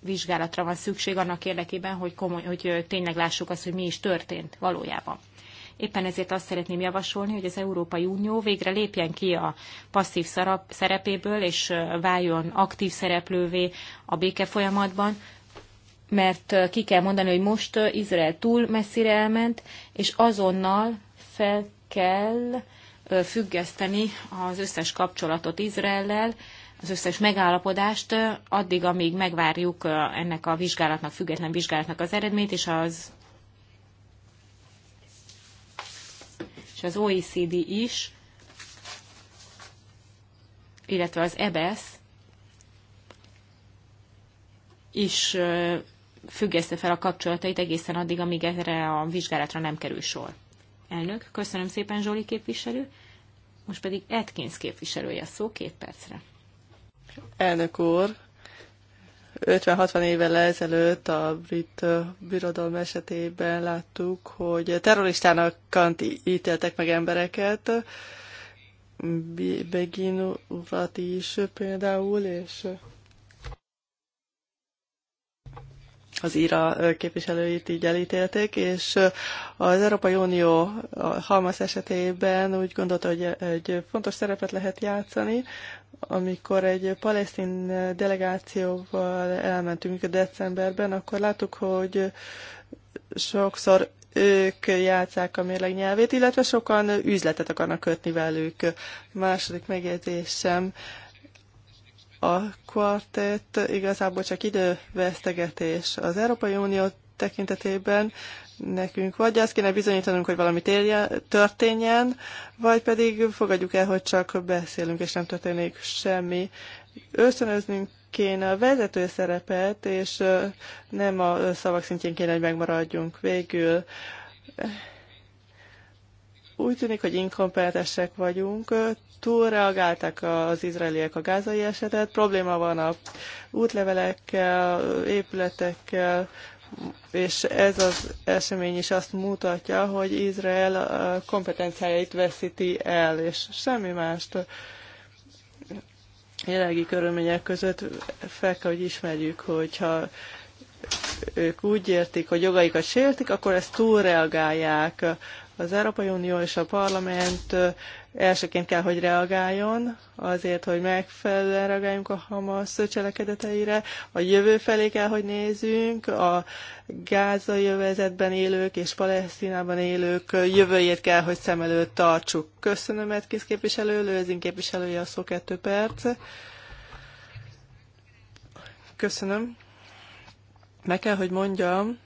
vizsgálatra van szükség annak érdekében, hogy, komoly, hogy tényleg lássuk azt, hogy mi is történt valójában. Éppen ezért azt szeretném javasolni, hogy az Európai Unió végre lépjen ki a passzív szerepéből, és váljon aktív szereplővé a béke folyamatban, mert ki kell mondani, hogy most Izrael túl messzire elment, és azonnal fel kell függeszteni az összes kapcsolatot Izraellel, az összes megállapodást addig, amíg megvárjuk ennek a vizsgálatnak, független vizsgálatnak az eredményt, és az és az OECD is, illetve az EBS e is függeszte fel a kapcsolatait egészen addig, amíg erre a vizsgálatra nem kerül sor. Elnök, köszönöm szépen Zsoli képviselő, most pedig Atkins képviselője a szó két percre. Elnök úr, 50-60 évvel ezelőtt a brit birodalom esetében láttuk, hogy terroristának ítéltek meg embereket, Begin urat is például, és az IRA képviselőit így elítélték, és az Európai Unió a Hamas esetében úgy gondolta, hogy egy fontos szerepet lehet játszani, amikor egy palesztin delegációval elmentünk decemberben, akkor láttuk, hogy sokszor ők játszák a mérleg nyelvét, illetve sokan üzletet akarnak kötni velük. Második megjegyzésem, a kvartett igazából csak idővesztegetés. Az Európai Unió tekintetében nekünk vagy azt kéne bizonyítanunk, hogy valami térje, történjen, vagy pedig fogadjuk el, hogy csak beszélünk, és nem történik semmi. Ösztönöznünk kéne a vezető szerepet, és nem a szavak szintjén kéne, hogy megmaradjunk végül. Úgy tűnik, hogy inkompetensek vagyunk, túlreagálták az izraeliek a gázai esetet, probléma van a útlevelekkel, épületekkel, és ez az esemény is azt mutatja, hogy Izrael kompetenciáit veszíti el, és semmi mást jelenlegi körülmények között fel kell, hogy ismerjük, hogyha ők úgy értik, hogy jogaikat sértik, akkor ezt túlreagálják. Az Európai Unió és a Parlament elsőként kell, hogy reagáljon, azért, hogy megfelelően reagáljunk a Hamas cselekedeteire. A jövő felé kell, hogy nézzünk, a Gáza jövezetben élők és Palesztinában élők jövőjét kell, hogy szem előtt tartsuk. Köszönöm, Edkis képviselő, Lőzin képviselője a szó kettő perc. Köszönöm. Meg kell, hogy mondjam,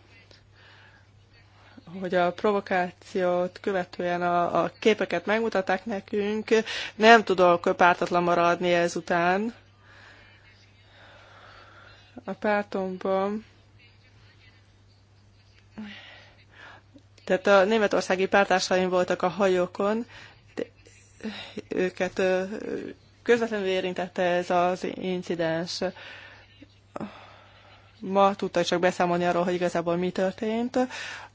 hogy a provokációt követően a, a képeket megmutatták nekünk. Nem tudok pártatlan maradni ezután. A pártomban Tehát a németországi pártársaim voltak a hajókon, de őket közvetlenül érintette ez az incidens ma tudtak csak beszámolni arról, hogy igazából mi történt.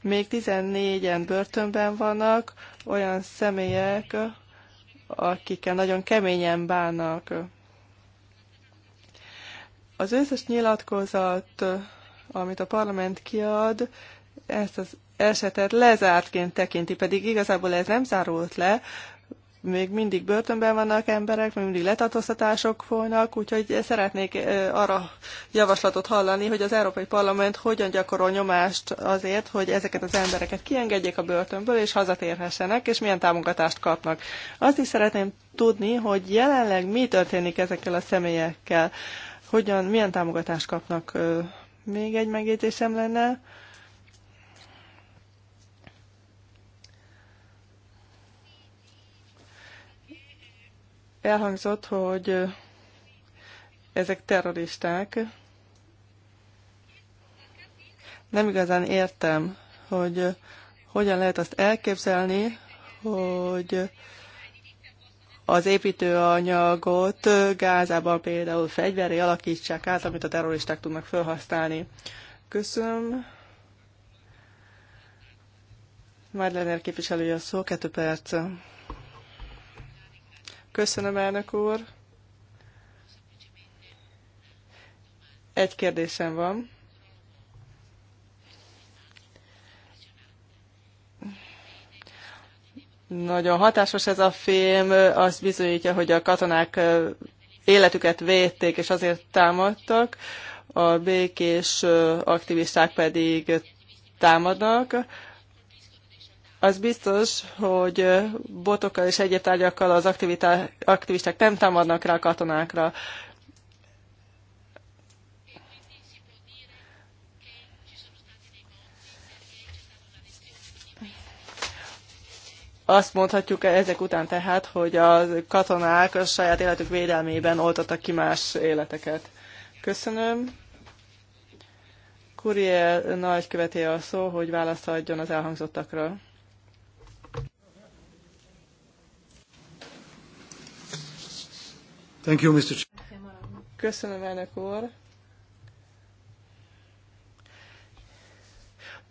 Még 14-en börtönben vannak olyan személyek, akikkel nagyon keményen bánnak. Az összes nyilatkozat, amit a parlament kiad, ezt az esetet lezártként tekinti, pedig igazából ez nem zárult le, még mindig börtönben vannak emberek, még mindig letartóztatások folynak, úgyhogy szeretnék arra javaslatot hallani, hogy az Európai Parlament hogyan gyakorol nyomást azért, hogy ezeket az embereket kiengedjék a börtönből, és hazatérhessenek, és milyen támogatást kapnak. Azt is szeretném tudni, hogy jelenleg mi történik ezekkel a személyekkel, hogyan, milyen támogatást kapnak. Még egy megjegyzésem lenne, Elhangzott, hogy ezek terroristák. Nem igazán értem, hogy hogyan lehet azt elképzelni, hogy az építőanyagot Gázában például fegyveré alakítsák át, amit a terroristák tudnak felhasználni. Köszönöm. lenne képviselője a szó, kettő perc. Köszönöm, elnök úr. Egy kérdésem van. Nagyon hatásos ez a film, azt bizonyítja, hogy a katonák életüket védték, és azért támadtak, a békés aktivisták pedig támadnak. Az biztos, hogy botokkal és egyetárgyakkal az aktivisták nem támadnak rá a katonákra. Azt mondhatjuk -e ezek után tehát, hogy a katonák a saját életük védelmében oltottak ki más életeket. Köszönöm. Kurier nagyköveté a szó, hogy választ adjon az elhangzottakra. Thank you, Mr. Köszönöm, elnök úr.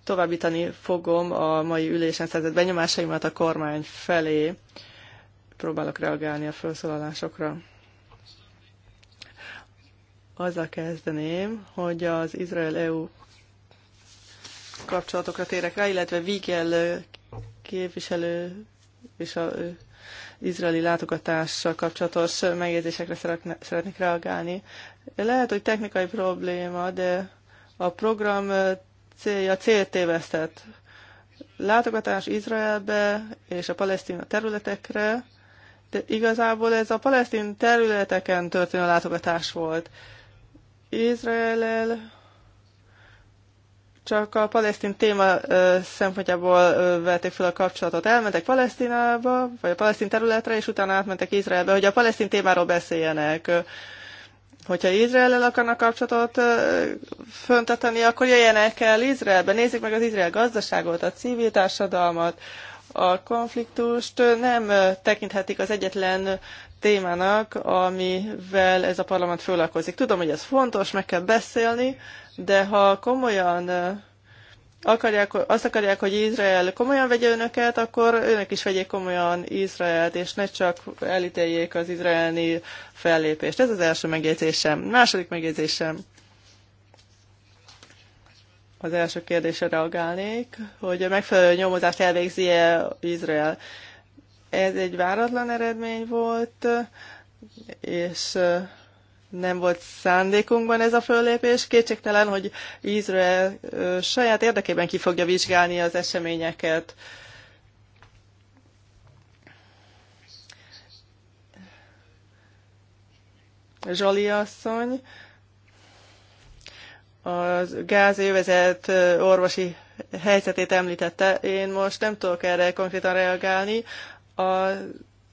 Továbbítani fogom a mai ülésen szerzett benyomásaimat a kormány felé. Próbálok reagálni a felszólalásokra. Azzal kezdeném, hogy az Izrael-EU kapcsolatokra térek rá, illetve Vigel képviselő és a izraeli látogatással kapcsolatos megjegyzésekre szeretnék reagálni. Lehet, hogy technikai probléma, de a program célja céltévesztett. Látogatás Izraelbe és a palesztina területekre, de igazából ez a palesztin területeken történő látogatás volt. Izrael csak a palesztin téma szempontjából vették fel a kapcsolatot. Elmentek Palesztinába, vagy a palesztin területre, és utána átmentek Izraelbe, hogy a palesztin témáról beszéljenek. Hogyha Izrael-el akarnak kapcsolatot föntetni, akkor jöjjenek el Izraelbe, nézzék meg az izrael gazdaságot, a civil társadalmat, a konfliktust nem tekinthetik az egyetlen témának, amivel ez a parlament foglalkozik. Tudom, hogy ez fontos, meg kell beszélni, de ha komolyan akarják, azt akarják, hogy Izrael komolyan vegye önöket, akkor önök is vegyék komolyan Izraelt, és ne csak elítéljék az izraelni fellépést. Ez az első megjegyzésem. Második megjegyzésem. Az első kérdésre reagálnék, hogy a megfelelő nyomozást elvégzi-e Izrael. Ez egy váratlan eredmény volt, és nem volt szándékunkban ez a föllépés. Kétségtelen, hogy Izrael saját érdekében ki fogja vizsgálni az eseményeket. Zsoli asszony, a gázövezet orvosi helyzetét említette. Én most nem tudok erre konkrétan reagálni. A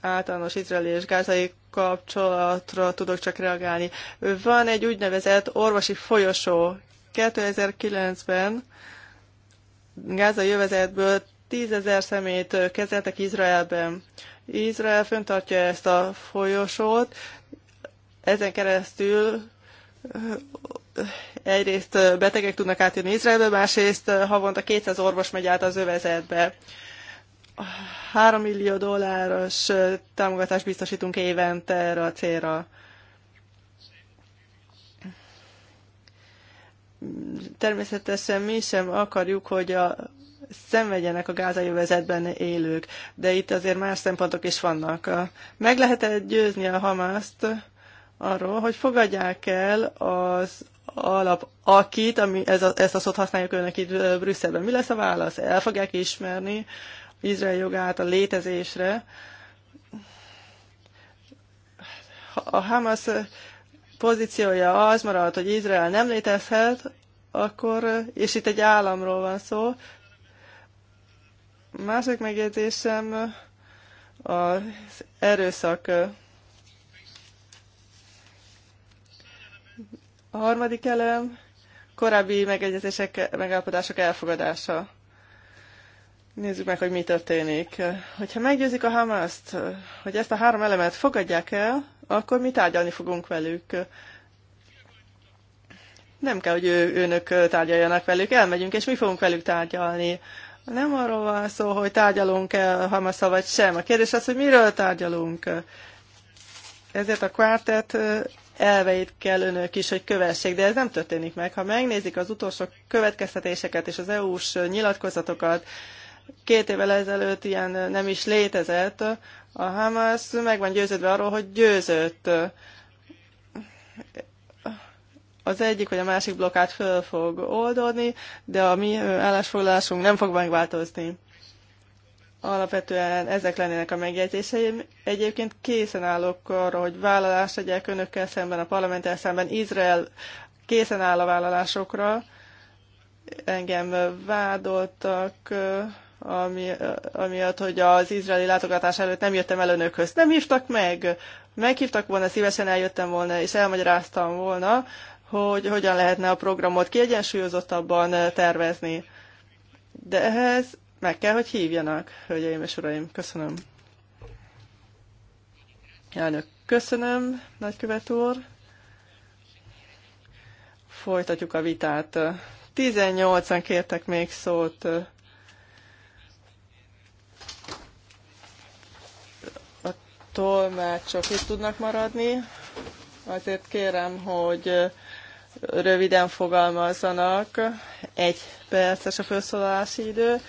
általános izraeli és gázai kapcsolatra tudok csak reagálni. Van egy úgynevezett orvosi folyosó. 2009-ben gázai jövezetből tízezer szemét kezeltek Izraelben. Izrael föntartja ezt a folyosót, ezen keresztül eh, egyrészt betegek tudnak átjönni Izraelbe, másrészt eh, havonta 200 orvos megy át az övezetbe. 3 millió dolláros támogatást biztosítunk évente erre a célra. Természetesen mi sem akarjuk, hogy a szenvedjenek a gázai vezetben élők, de itt azért más szempontok is vannak. Meg lehet -e győzni a Hamaszt arról, hogy fogadják el az alap akit, ami, ez a, ezt a szót használjuk önnek itt Brüsszelben. Mi lesz a válasz? El fogják ismerni, Izrael jogát a létezésre. A Hamas pozíciója az maradt, hogy Izrael nem létezhet, akkor, és itt egy államról van szó. Másik megjegyzésem az erőszak. A harmadik elem korábbi megegyezések, megállapodások elfogadása. Nézzük meg, hogy mi történik. Hogyha meggyőzik a Hamaszt, hogy ezt a három elemet fogadják el, akkor mi tárgyalni fogunk velük. Nem kell, hogy ő, őnök tárgyaljanak velük, elmegyünk, és mi fogunk velük tárgyalni. Nem arról van szó, hogy tárgyalunk-e Hamasza vagy sem. A kérdés az, hogy miről tárgyalunk. Ezért a kvártet elveit kell önök is, hogy kövessék, de ez nem történik meg. Ha megnézik az utolsó következtetéseket és az EU-s nyilatkozatokat, Két évvel ezelőtt ilyen nem is létezett. A Hamas meg van győződve arról, hogy győzött. Az egyik vagy a másik blokkát föl fog oldódni, de a mi állásfoglalásunk nem fog megváltozni. Alapvetően ezek lennének a megjegyzéseim. Egyébként készen állok arra, hogy vállalást tegyek önökkel szemben, a parlamenttel szemben. Izrael készen áll a vállalásokra. Engem vádoltak ami, amiatt, hogy az izraeli látogatás előtt nem jöttem el önökhöz. Nem hívtak meg. Meghívtak volna, szívesen eljöttem volna, és elmagyaráztam volna, hogy hogyan lehetne a programot kiegyensúlyozottabban tervezni. De ehhez meg kell, hogy hívjanak, hölgyeim és uraim. Köszönöm. Elnök, köszönöm, nagykövet úr. Folytatjuk a vitát. 18-an kértek még szót. csak itt tudnak maradni. Azért kérem, hogy röviden fogalmazzanak, egy perces a felszólalási idő,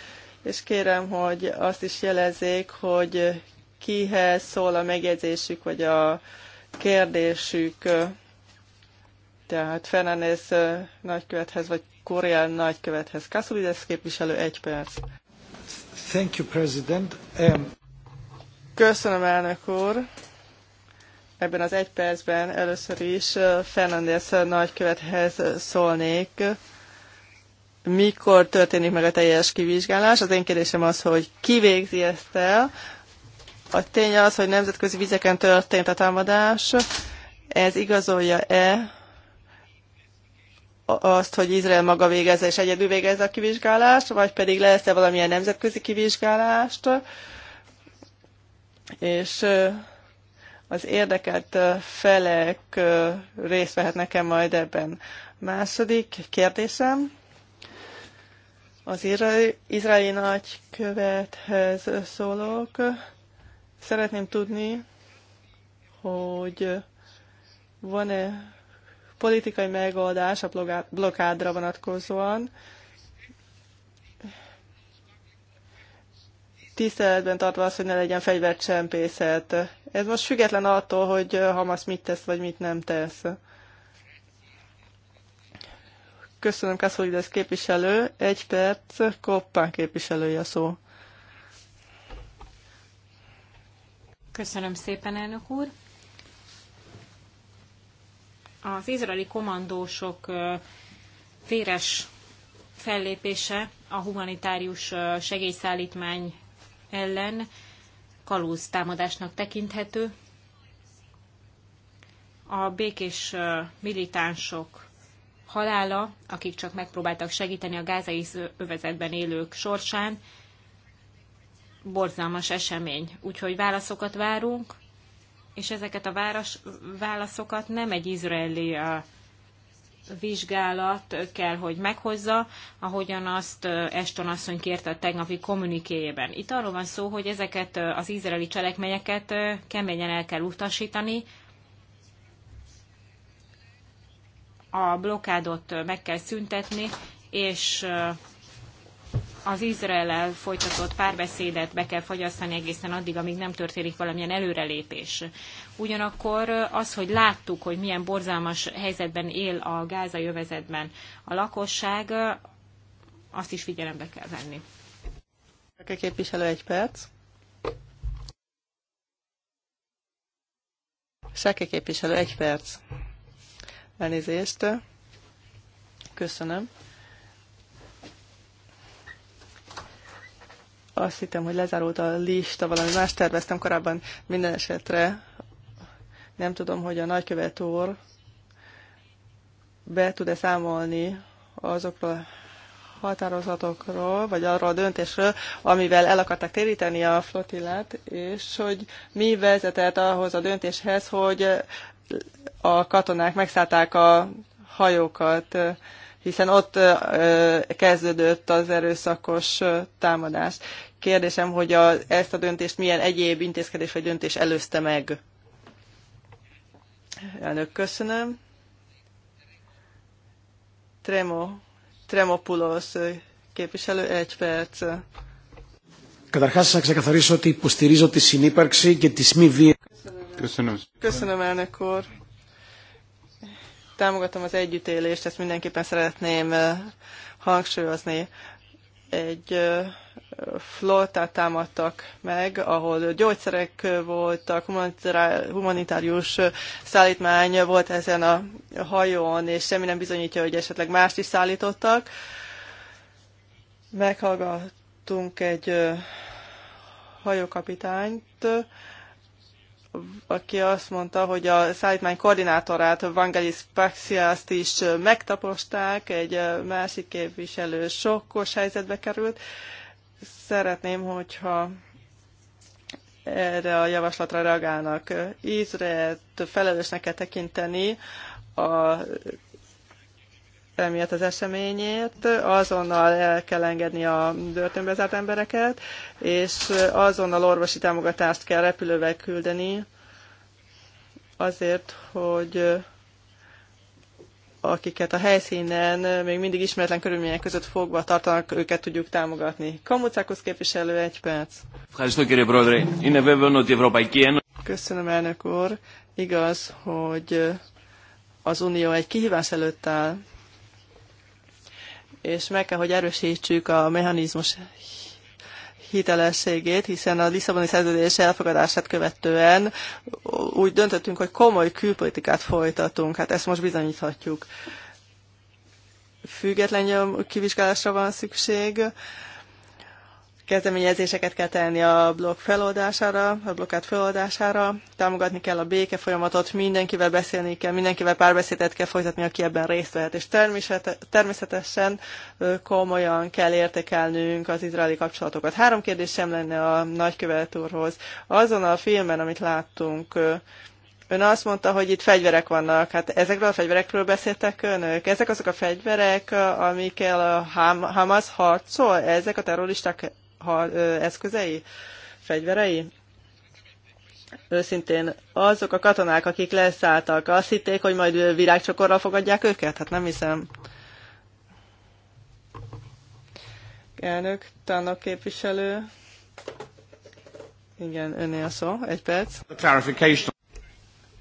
és kérem, hogy azt is jelezzék, hogy kihez szól a megjegyzésük, vagy a kérdésük, tehát Fernández nagykövethez, vagy Koreán nagykövethez. Kasulides képviselő, egy perc. Thank you, President. Um... Köszönöm, elnök úr! Ebben az egy percben először is Fernández nagykövethez szólnék. Mikor történik meg a teljes kivizsgálás? Az én kérdésem az, hogy ki végzi ezt el. A tény az, hogy nemzetközi vizeken történt a támadás. Ez igazolja-e azt, hogy Izrael maga végezze és egyedül végezze a kivizsgálást, vagy pedig lesz-e valamilyen nemzetközi kivizsgálást? és az érdekelt felek részt vehetnek-e majd ebben. Második kérdésem az izraeli, nagykövethez szólok. Szeretném tudni, hogy van-e politikai megoldás a blokádra vonatkozóan, tiszteletben tartva az, hogy ne legyen fegyvercsempészet. Ez most független attól, hogy Hamas mit tesz, vagy mit nem tesz. Köszönöm, Kasszolides képviselő. Egy perc, Koppán képviselője szó. Köszönöm szépen, elnök úr. Az izraeli komandósok véres fellépése a humanitárius segélyszállítmány ellen kalóz támadásnak tekinthető. A békés militánsok halála, akik csak megpróbáltak segíteni a gázai övezetben élők sorsán, borzalmas esemény. Úgyhogy válaszokat várunk, és ezeket a város, válaszokat nem egy izraeli vizsgálat kell, hogy meghozza, ahogyan azt Eston asszony kérte a tegnapi kommunikéjében. Itt arról van szó, hogy ezeket az izraeli cselekményeket keményen el kell utasítani, a blokádot meg kell szüntetni, és az Izrael folytatott párbeszédet be kell fagyasztani egészen addig, amíg nem történik valamilyen előrelépés. Ugyanakkor az, hogy láttuk, hogy milyen borzalmas helyzetben él a gázai övezetben a lakosság, azt is figyelembe kell venni. A képviselő egy perc. Sáke képviselő, egy perc. Elnézést. Köszönöm. Azt hittem, hogy lezárult a lista, valami más terveztem korábban. Minden esetre nem tudom, hogy a nagykövet úr be tud-e számolni azokról a határozatokról, vagy arról a döntésről, amivel el akarták téríteni a flotilát, és hogy mi vezetett ahhoz a döntéshez, hogy a katonák megszállták a hajókat hiszen ott kezdődött az erőszakos támadás. Kérdésem, hogy a, ezt a döntést milyen egyéb intézkedés vagy döntés előzte meg? Elnök, köszönöm. Tremo, Tremopulos képviselő, egy perc. Καταρχάς να ξεκαθαρίσω ότι υποστηρίζω τη συνύπαρξη και τη μη βία. Köszönöm. Köszönöm, elnök úr támogatom az együttélést, ezt mindenképpen szeretném hangsúlyozni. Egy flottát támadtak meg, ahol gyógyszerek voltak, humanitárius szállítmány volt ezen a hajón, és semmi nem bizonyítja, hogy esetleg mást is szállítottak. Meghallgattunk egy hajókapitányt, aki azt mondta, hogy a szállítmány koordinátorát, Vangelis Paxiaszt is megtaposták, egy másik képviselő sokkos helyzetbe került. Szeretném, hogyha erre a javaslatra reagálnak. Izraelt felelősnek kell tekinteni a emiatt az eseményért, azonnal el kell engedni a börtönbe zárt embereket, és azonnal orvosi támogatást kell repülővel küldeni, azért, hogy akiket a helyszínen még mindig ismeretlen körülmények között fogva tartanak, őket tudjuk támogatni. Kamucákos képviselő, egy perc. Köszönöm, elnök úr. Igaz, hogy az Unió egy kihívás előtt áll, és meg kell, hogy erősítsük a mechanizmus hitelességét, hiszen a Lisszaboni szerződés elfogadását követően úgy döntöttünk, hogy komoly külpolitikát folytatunk. Hát ezt most bizonyíthatjuk. Független kivizsgálásra van szükség kezdeményezéseket kell tenni a blokk feloldására, a blokkát feloldására, támogatni kell a béke folyamatot, mindenkivel beszélni kell, mindenkivel párbeszédet kell folytatni, aki ebben részt vehet, és természetesen komolyan kell értékelnünk az izraeli kapcsolatokat. Három kérdés sem lenne a nagykövet úrhoz. Azon a filmen, amit láttunk, Ön azt mondta, hogy itt fegyverek vannak. Hát ezekről a fegyverekről beszéltek önök? Ezek azok a fegyverek, amikkel a Hamas harcol? Ezek a terroristák ha, eszközei, fegyverei? Őszintén azok a katonák, akik leszálltak, azt hitték, hogy majd virágcsokorral fogadják őket? Hát nem hiszem. Elnök, tanok képviselő. Igen, öné a szó. Egy perc.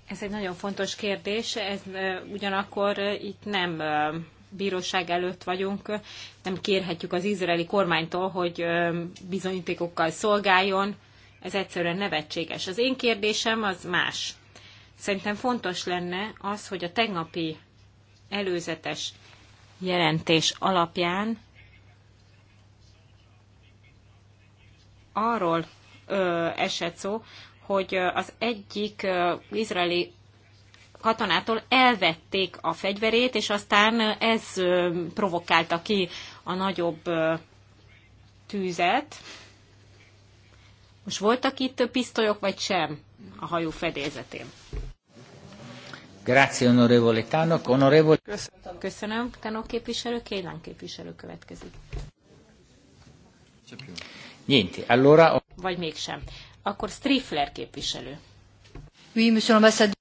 Ez egy nagyon fontos kérdés, ez ugyanakkor itt nem bíróság előtt vagyunk, nem kérhetjük az izraeli kormánytól, hogy bizonyítékokkal szolgáljon, ez egyszerűen nevetséges. Az én kérdésem az más. Szerintem fontos lenne az, hogy a tegnapi előzetes jelentés alapján arról ö, esett szó, hogy az egyik ö, izraeli katonától elvették a fegyverét, és aztán ez provokálta ki a nagyobb tűzet. Most voltak itt pisztolyok, vagy sem a hajó fedélzetén? Grazie, onorevole Tánok. Onorevole... Köszönöm. Köszönöm, Tánok képviselő. Kélán képviselő következik. Niente, allora... Vagy mégsem. Akkor Strifler képviselő. Oui, monsieur l'ambassadeur.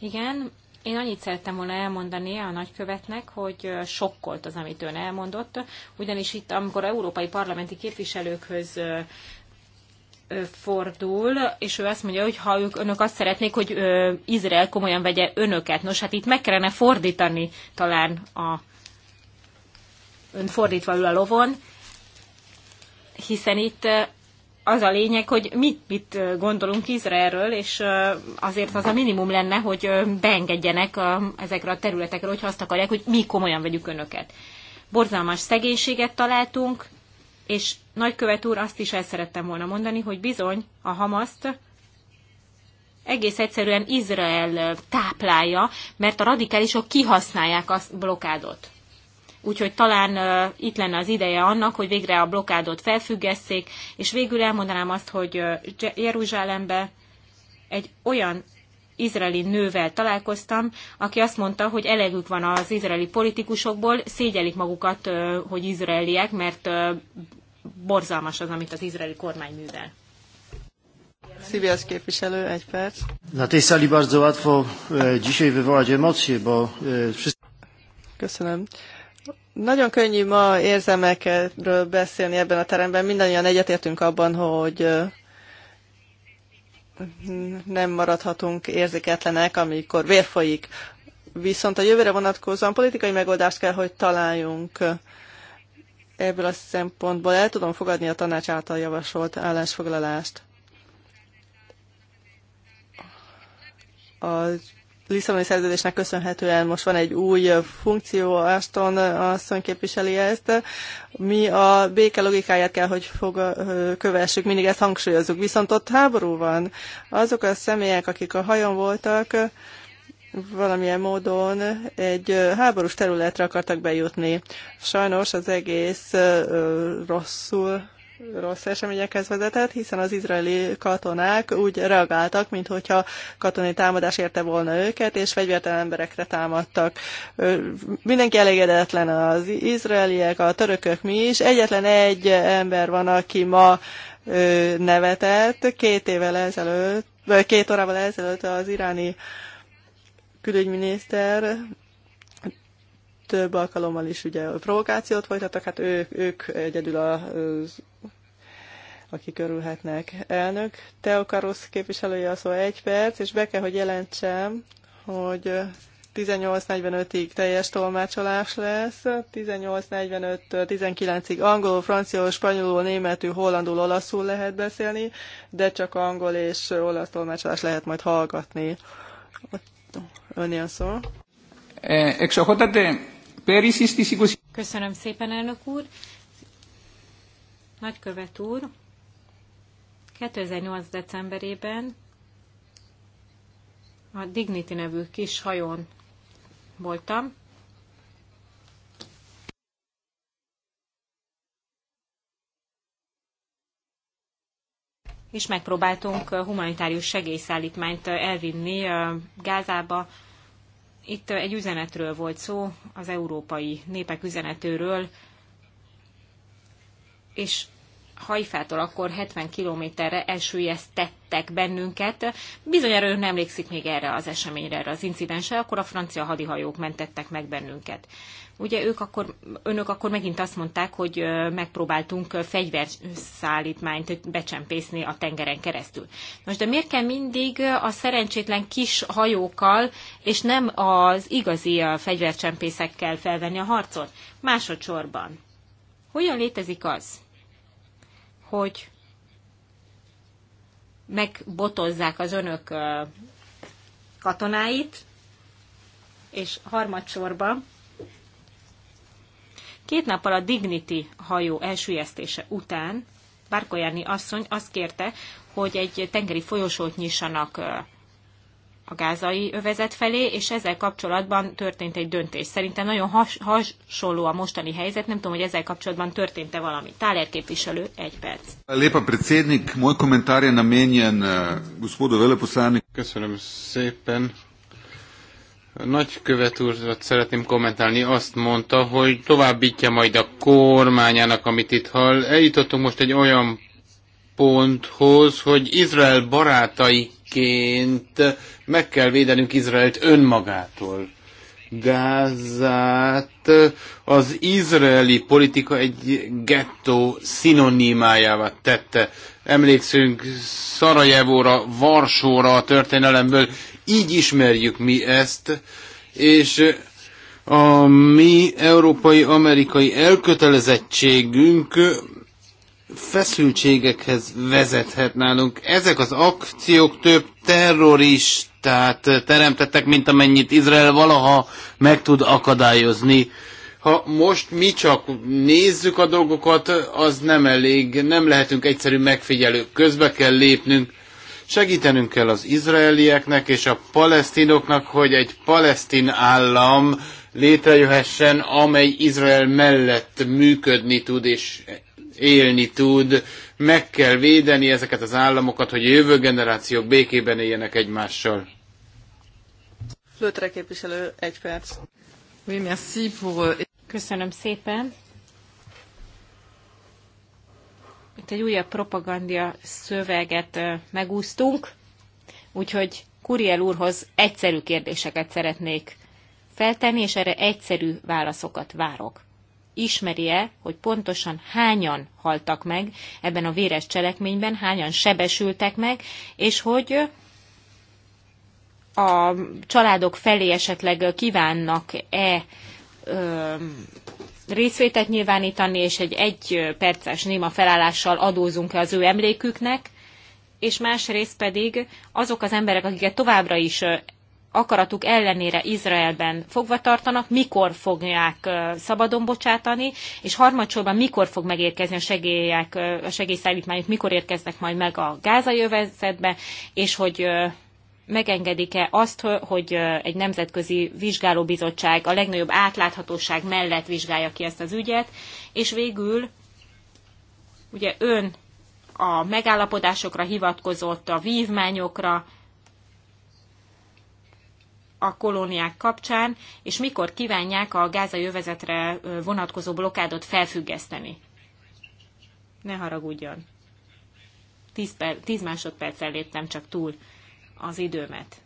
Igen, én annyit szerettem volna elmondani a nagykövetnek, hogy sokkolt az, amit ön elmondott, ugyanis itt, amikor európai parlamenti képviselőkhöz fordul, és ő azt mondja, hogy ha ők, önök azt szeretnék, hogy ö, Izrael komolyan vegye önöket. Nos, hát itt meg kellene fordítani talán a ön fordítva ül a lovon, hiszen itt az a lényeg, hogy mit, mit gondolunk Izraelről, és azért az a minimum lenne, hogy beengedjenek ezekre a területekre, hogyha azt akarják, hogy mi komolyan vegyük önöket. Borzalmas szegénységet találtunk, és nagykövet úr azt is el szerettem volna mondani, hogy bizony a Hamaszt egész egyszerűen Izrael táplálja, mert a radikálisok kihasználják a blokádot. Úgyhogy talán uh, itt lenne az ideje annak, hogy végre a blokádot felfüggesszék, és végül elmondanám azt, hogy uh, Jeruzsálembe egy olyan izraeli nővel találkoztam, aki azt mondta, hogy elegük van az izraeli politikusokból, szégyelik magukat, uh, hogy izraeliek, mert uh, borzalmas az, amit az izraeli kormány művel. CBS képviselő, egy perc. Na tej sali bardzo łatwo e, dzisiaj wywołać emocje, bo... E, Köszönöm. Nagyon könnyű ma érzelmekről beszélni ebben a teremben. Mindannyian egyetértünk abban, hogy nem maradhatunk érzéketlenek, amikor vér folyik. Viszont a jövőre vonatkozóan politikai megoldást kell, hogy találjunk ebből a szempontból. El tudom fogadni a tanács által javasolt állásfoglalást. A Lisszaboni szerződésnek köszönhetően most van egy új funkció, Aston asszony képviseli ezt. Mi a béke logikáját kell, hogy fog, kövessük, mindig ezt hangsúlyozzuk. Viszont ott háború van. Azok a személyek, akik a hajon voltak, valamilyen módon egy háborús területre akartak bejutni. Sajnos az egész rosszul rossz eseményekhez vezetett, hiszen az izraeli katonák úgy reagáltak, mintha katonai támadás érte volna őket, és fegyvertelen emberekre támadtak. Mindenki elégedetlen az izraeliek, a törökök mi is. Egyetlen egy ember van, aki ma nevetett. Két évvel ezelőtt, vagy két órával ezelőtt az iráni külügyminiszter több alkalommal is ugye provokációt folytattak, hát ők, ők egyedül az akik örülhetnek. Elnök, Karusz képviselője a szó egy perc, és be kell, hogy jelentsem, hogy 18.45-ig teljes tolmácsolás lesz, 18.45-től 19-ig angolul, franciául, spanyolul, németül, hollandul, olaszul lehet beszélni, de csak angol és olasz tolmácsolás lehet majd hallgatni. Ön a szó. Eh, Köszönöm szépen, elnök úr. Nagykövet úr, 2008. decemberében a Dignity nevű kis hajón voltam, és megpróbáltunk humanitárius segélyszállítmányt elvinni Gázába. Itt egy üzenetről volt szó, az európai népek üzenetőről, és Hajfától akkor 70 kilométerre elsüllyesztettek bennünket. Bizonyára nem emlékszik még erre az eseményre, erre az incidensre, akkor a francia hadihajók mentettek meg bennünket. Ugye ők akkor, önök akkor megint azt mondták, hogy megpróbáltunk fegyverszállítmányt becsempészni a tengeren keresztül. Most de miért kell mindig a szerencsétlen kis hajókkal, és nem az igazi fegyvercsempészekkel felvenni a harcot? Másodszorban. Hogyan létezik az, hogy megbotozzák az önök katonáit, és harmadsorban két nappal a Dignity hajó elsüllyesztése után Bárkolyáni asszony azt kérte, hogy egy tengeri folyosót nyissanak a gázai övezet felé, és ezzel kapcsolatban történt egy döntés. Szerintem nagyon has, hasonló a mostani helyzet, nem tudom, hogy ezzel kapcsolatban történt-e valami. Táler képviselő, egy perc. Lépa predsednik, moj komentár je namenjen eh, gospodu veleposlanik. Köszönöm szépen. Nagy követ úrat szeretném kommentálni. Azt mondta, hogy továbbítja majd a kormányának, amit itt hall. Eljutottunk most egy olyan ponthoz, hogy Izrael barátai egyébként meg kell védenünk Izraelt önmagától. Gázát az izraeli politika egy gettó szinonimájává tette. Emlékszünk Szarajevóra, Varsóra a történelemből, így ismerjük mi ezt, és a mi európai-amerikai elkötelezettségünk feszültségekhez vezethet nálunk. Ezek az akciók több terroristát teremtettek, mint amennyit Izrael valaha meg tud akadályozni. Ha most mi csak nézzük a dolgokat, az nem elég, nem lehetünk egyszerű megfigyelők, közbe kell lépnünk, segítenünk kell az izraelieknek és a palesztinoknak, hogy egy palesztin állam létrejöhessen, amely Izrael mellett működni tud, és élni tud. Meg kell védeni ezeket az államokat, hogy a jövő generációk békében éljenek egymással. Lőtre képviselő, egy perc. Oui, merci pour... Euh, Köszönöm szépen. Itt egy újabb propagandia szöveget megúsztunk, úgyhogy Kuriel úrhoz egyszerű kérdéseket szeretnék feltenni, és erre egyszerű válaszokat várok ismeri-e, hogy pontosan hányan haltak meg ebben a véres cselekményben, hányan sebesültek meg, és hogy a családok felé esetleg kívánnak-e részvétet nyilvánítani, és egy egy perces néma felállással adózunk-e az ő emléküknek, és másrészt pedig azok az emberek, akiket továbbra is akaratuk ellenére Izraelben fogva tartanak, mikor fogják szabadon bocsátani, és harmadsorban mikor fog megérkezni a segélyek, a segélyszállítmányok, mikor érkeznek majd meg a gázai övezetbe, és hogy megengedik-e azt, hogy egy nemzetközi vizsgálóbizottság a legnagyobb átláthatóság mellett vizsgálja ki ezt az ügyet, és végül ugye ön a megállapodásokra hivatkozott, a vívmányokra, a kolóniák kapcsán, és mikor kívánják a gázai övezetre vonatkozó blokádot felfüggeszteni. Ne haragudjon. 10, per, tíz másodperccel léptem csak túl az időmet.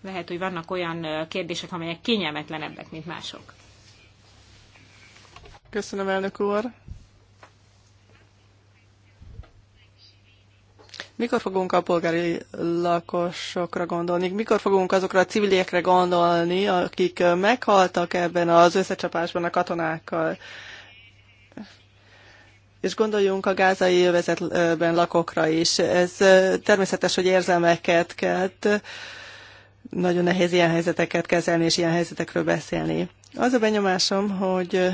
Lehet, hogy vannak olyan kérdések, amelyek kényelmetlenebbek, mint mások. Köszönöm, elnök úr. Mikor fogunk a polgári lakosokra gondolni? Mikor fogunk azokra a civiliekre gondolni, akik meghaltak ebben az összecsapásban a katonákkal? És gondoljunk a gázai övezetben lakokra is. Ez természetes, hogy érzelmeket kelt. Nagyon nehéz ilyen helyzeteket kezelni és ilyen helyzetekről beszélni. Az a benyomásom, hogy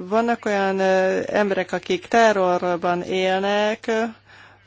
vannak olyan emberek, akik terrorban élnek,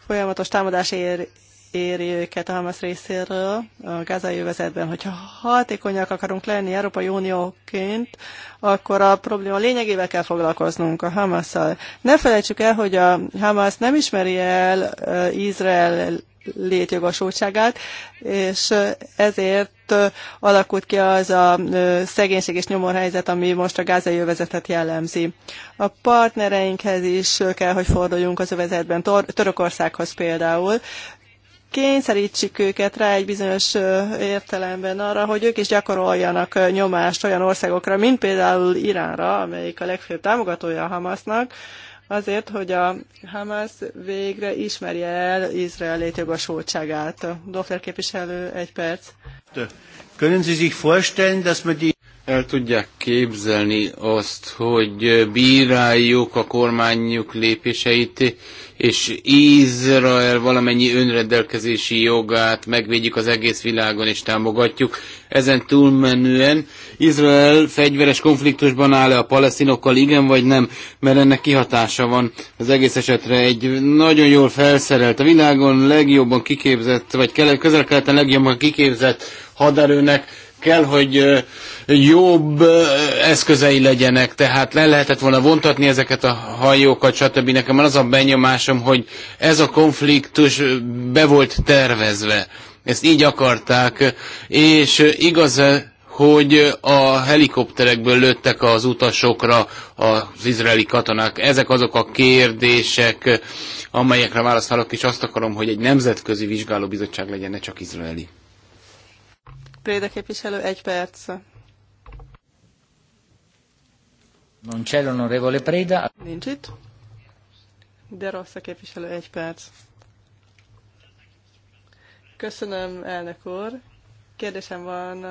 folyamatos támadás ér, éri őket a Hamas részéről a gázai övezetben. Hogyha hatékonyak akarunk lenni Európai Unióként, akkor a probléma lényegével kell foglalkoznunk a Hamasszal. Ne felejtsük el, hogy a Hamas nem ismeri el Izrael létjogosultságát, és ezért alakult ki az a szegénység és nyomorhelyzet, ami most a gázai övezetet jellemzi. A partnereinkhez is kell, hogy forduljunk az övezetben, Tor- Törökországhoz például, kényszerítsük őket rá egy bizonyos értelemben arra, hogy ők is gyakoroljanak nyomást olyan országokra, mint például Iránra, amelyik a legfőbb támogatója a Hamasznak, azért, hogy a Hamas végre ismerje el Izrael létjogosultságát. Dofer képviselő, egy perc. Können Sie sich vorstellen, dass man die el tudják képzelni azt, hogy bíráljuk a kormányuk lépéseit, és Izrael valamennyi önrendelkezési jogát megvédjük az egész világon és támogatjuk. Ezen túlmenően Izrael fegyveres konfliktusban áll-e a palesztinokkal, igen vagy nem, mert ennek kihatása van az egész esetre egy nagyon jól felszerelt, a világon legjobban kiképzett, vagy közel-keleten legjobban kiképzett haderőnek kell, hogy jobb eszközei legyenek, tehát le lehetett volna vontatni ezeket a hajókat, stb. Nekem az a benyomásom, hogy ez a konfliktus be volt tervezve. Ezt így akarták, és igaz hogy a helikopterekből lőttek az utasokra az izraeli katonák. Ezek azok a kérdések, amelyekre választálok, és azt akarom, hogy egy nemzetközi vizsgálóbizottság legyen, ne csak izraeli. Préda egy perc. Nincs itt. De rossz a képviselő, egy perc. Köszönöm, elnök úr. Kérdésem van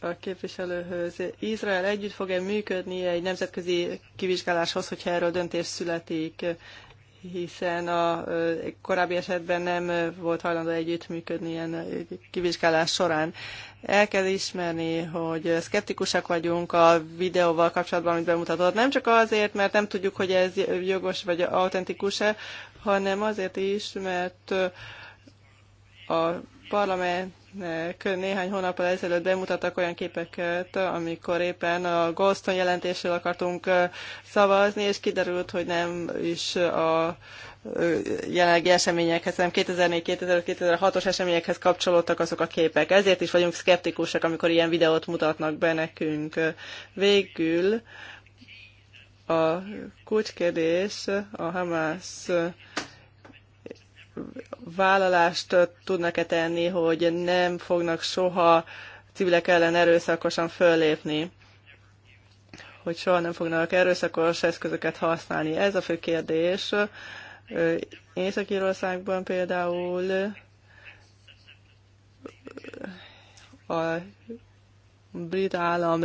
a képviselőhöz. Izrael együtt fog-e működni egy nemzetközi kivizsgáláshoz, hogyha erről döntés születik? hiszen a korábbi esetben nem volt hajlandó együttműködni ilyen kivizsgálás során. El kell ismerni, hogy szkeptikusak vagyunk a videóval kapcsolatban, amit bemutatott. Nem csak azért, mert nem tudjuk, hogy ez jogos vagy autentikus-e, hanem azért is, mert a parlament néhány hónappal ezelőtt bemutattak olyan képeket, amikor éppen a Goldstone jelentésről akartunk szavazni, és kiderült, hogy nem is a jelenlegi eseményekhez, hanem 2004-2006-os eseményekhez kapcsolódtak azok a képek. Ezért is vagyunk szkeptikusak, amikor ilyen videót mutatnak be nekünk. Végül a kulcskérdés a Hamász vállalást tudnak-e tenni, hogy nem fognak soha civilek ellen erőszakosan föllépni, hogy soha nem fognak erőszakos eszközöket használni. Ez a fő kérdés. Észak-Írországban például a brit állam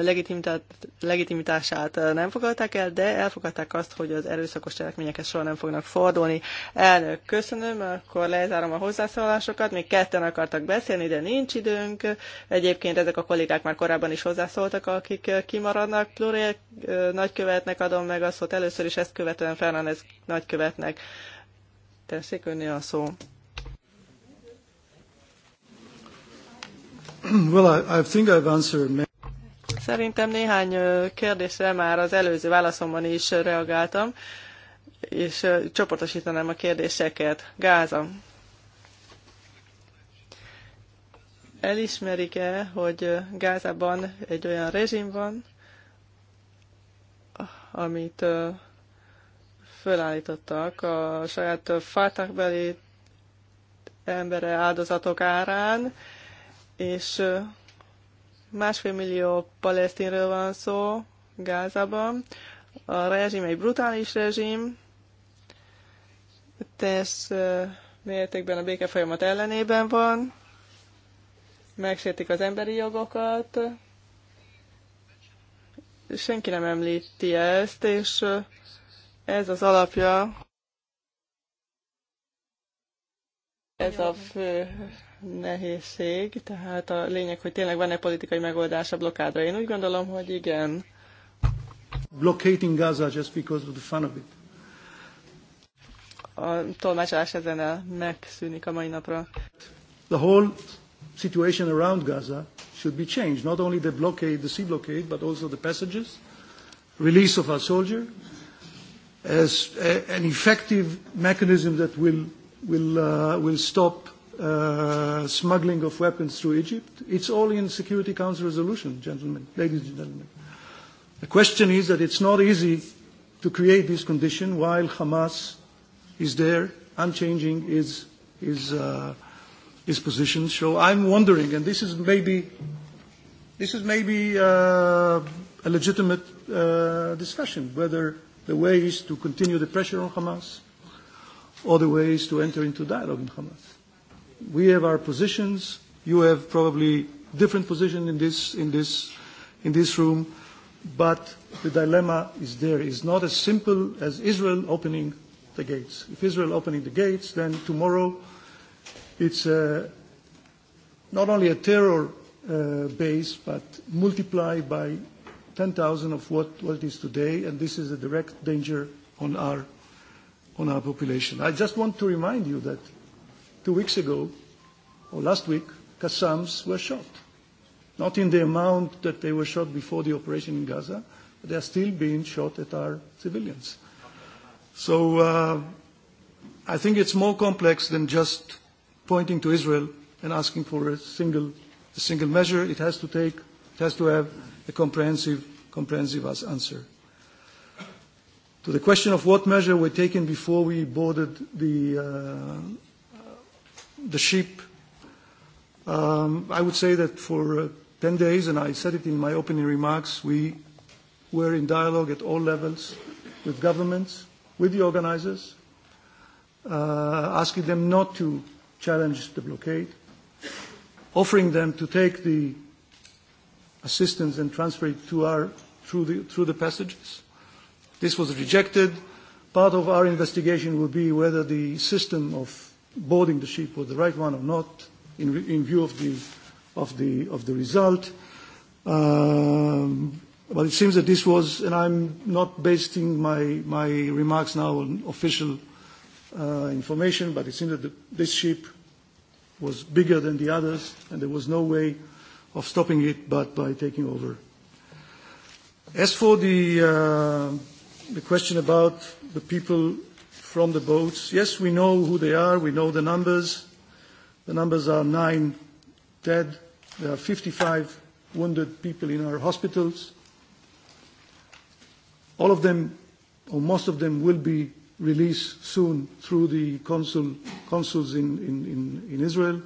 legitimitását nem fogadták el, de elfogadták azt, hogy az erőszakos cselekményeket soha nem fognak fordulni. Elnök, köszönöm, akkor lezárom a hozzászólásokat. Még ketten akartak beszélni, de nincs időnk. Egyébként ezek a kollégák már korábban is hozzászóltak, akik kimaradnak. Pluré nagykövetnek adom meg a szót először, is ezt követően Fernández nagykövetnek. Tessék önni a szó. Szerintem néhány kérdésre már az előző válaszomban is reagáltam, és csoportosítanám a kérdéseket. Gáza. Elismerik-e, hogy Gázában egy olyan rezsim van, amit fölállítottak a saját fátakbeli embere áldozatok árán, és másfél millió palesztinről van szó Gázában. A rezsim egy brutális rezsim, tesz mértékben a béke folyamat ellenében van, megsértik az emberi jogokat, senki nem említi ezt, és ez az alapja, ez a fő nehézség, tehát a lényeg, hogy tényleg van-e politikai megoldás a blokádra. Én úgy gondolom, hogy igen. Blockading Gaza just because of the fun of it. A tolmácsolás ezen el megszűnik a mai napra. The whole situation around Gaza should be changed, not only the blockade, the sea blockade, but also the passages, release of our soldier, as a, an effective mechanism that will, will, uh, will stop uh, smuggling of weapons through Egypt. It's all in Security Council resolution, gentlemen, ladies and gentlemen. The question is that it's not easy to create this condition while Hamas is there, unchanging his, his, uh, his position. So I'm wondering, and this is maybe, this is maybe uh, a legitimate uh, discussion, whether the way is to continue the pressure on Hamas or the way is to enter into dialogue with Hamas we have our positions. You have probably different position in this, in this, in this room, but the dilemma is there. It's not as simple as Israel opening the gates. If Israel opening the gates, then tomorrow it's a, uh, not only a terror uh, base, but multiplied by 10,000 of what, what it is today, and this is a direct danger on our, on our population. I just want to remind you that two weeks ago, or last week, Qassams were shot. Not in the amount that they were shot before the operation in Gaza, but they are still being shot at our civilians. So uh, I think it's more complex than just pointing to Israel and asking for a single, a single measure. It has to take, it has to have a comprehensive, comprehensive answer. To the question of what measure were taken before we boarded the uh, the sheep. Um, I would say that for uh, 10 days, and I said it in my opening remarks, we were in dialogue at all levels with governments, with the organizers, uh, asking them not to challenge the blockade, offering them to take the assistance and transfer it to our, through, the, through the passages. This was rejected. Part of our investigation will be whether the system of boarding the ship was the right one or not in, in view of the, of the, of the result. Um, but it seems that this was, and I'm not basing my, my remarks now on official uh, information, but it seems that the, this ship was bigger than the others, and there was no way of stopping it but by taking over. As for the, uh, the question about the people from the boats. Yes, we know who they are. We know the numbers. The numbers are nine dead. There are 55 wounded people in our hospitals. All of them, or most of them, will be released soon through the consul, consuls in, in, in, in Israel.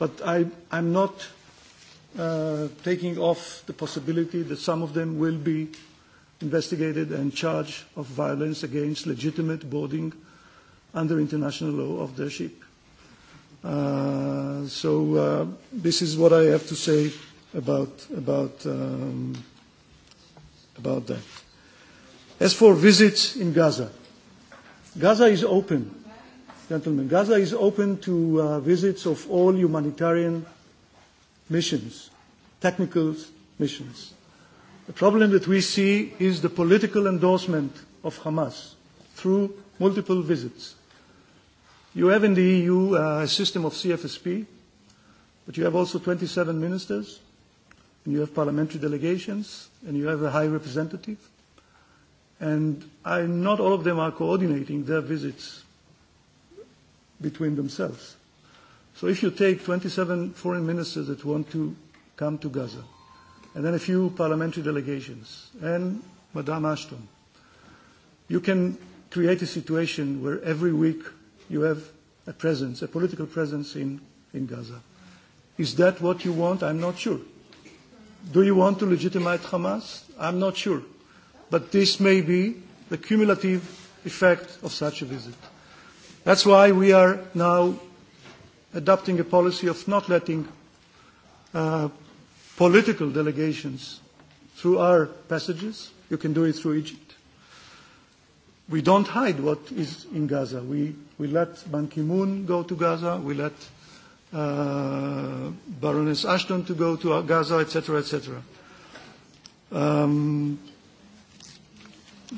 But I, I'm not uh, taking off the possibility that some of them will be investigated and charged of violence against legitimate boarding under international law of their ship. Uh, so uh, this is what I have to say about about um, about that. As for visits in Gaza, Gaza is open, gentlemen. Gaza is open to uh, visits of all humanitarian missions, technical missions. The problem that we see is the political endorsement of Hamas through multiple visits. You have in the EU uh, a system of CFSP, but you have also 27 ministers, and you have parliamentary delegations, and you have a high representative. And I, not all of them are coordinating their visits between themselves. So if you take 27 foreign ministers that want to come to Gaza, and then a few parliamentary delegations, and Madame Ashton. You can create a situation where every week you have a presence, a political presence in, in Gaza. Is that what you want? I'm not sure. Do you want to legitimize Hamas? I'm not sure. But this may be the cumulative effect of such a visit. That's why we are now adopting a policy of not letting uh, political delegations through our passages. You can do it through Egypt. We don't hide what is in Gaza. We, we let Ban Ki-moon go to Gaza. We let uh, Baroness Ashton to go to Gaza, etc., etc. Um,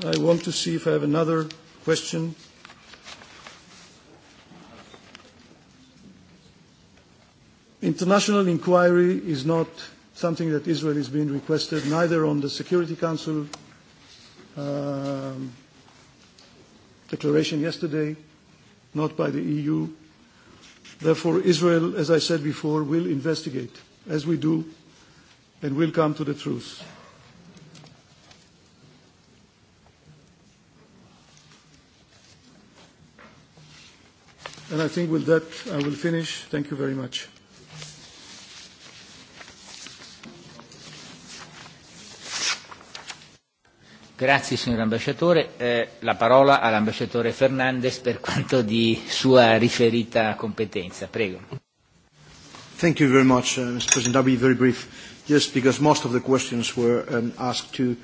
I want to see if I have another question. International inquiry is not something that Israel is being requested neither on the Security Council um, declaration yesterday, not by the EU. Therefore, Israel, as I said before, will investigate, as we do, and will come to the truth. And I think with that, I will finish. Thank you very much. Grazie signor ambasciatore. Eh, la parola all'ambasciatore Fernandez per quanto di sua riferita competenza. Prego. Thank you very much, uh, Mr. President. I'll be very brief, just because most of the questions were um, asked to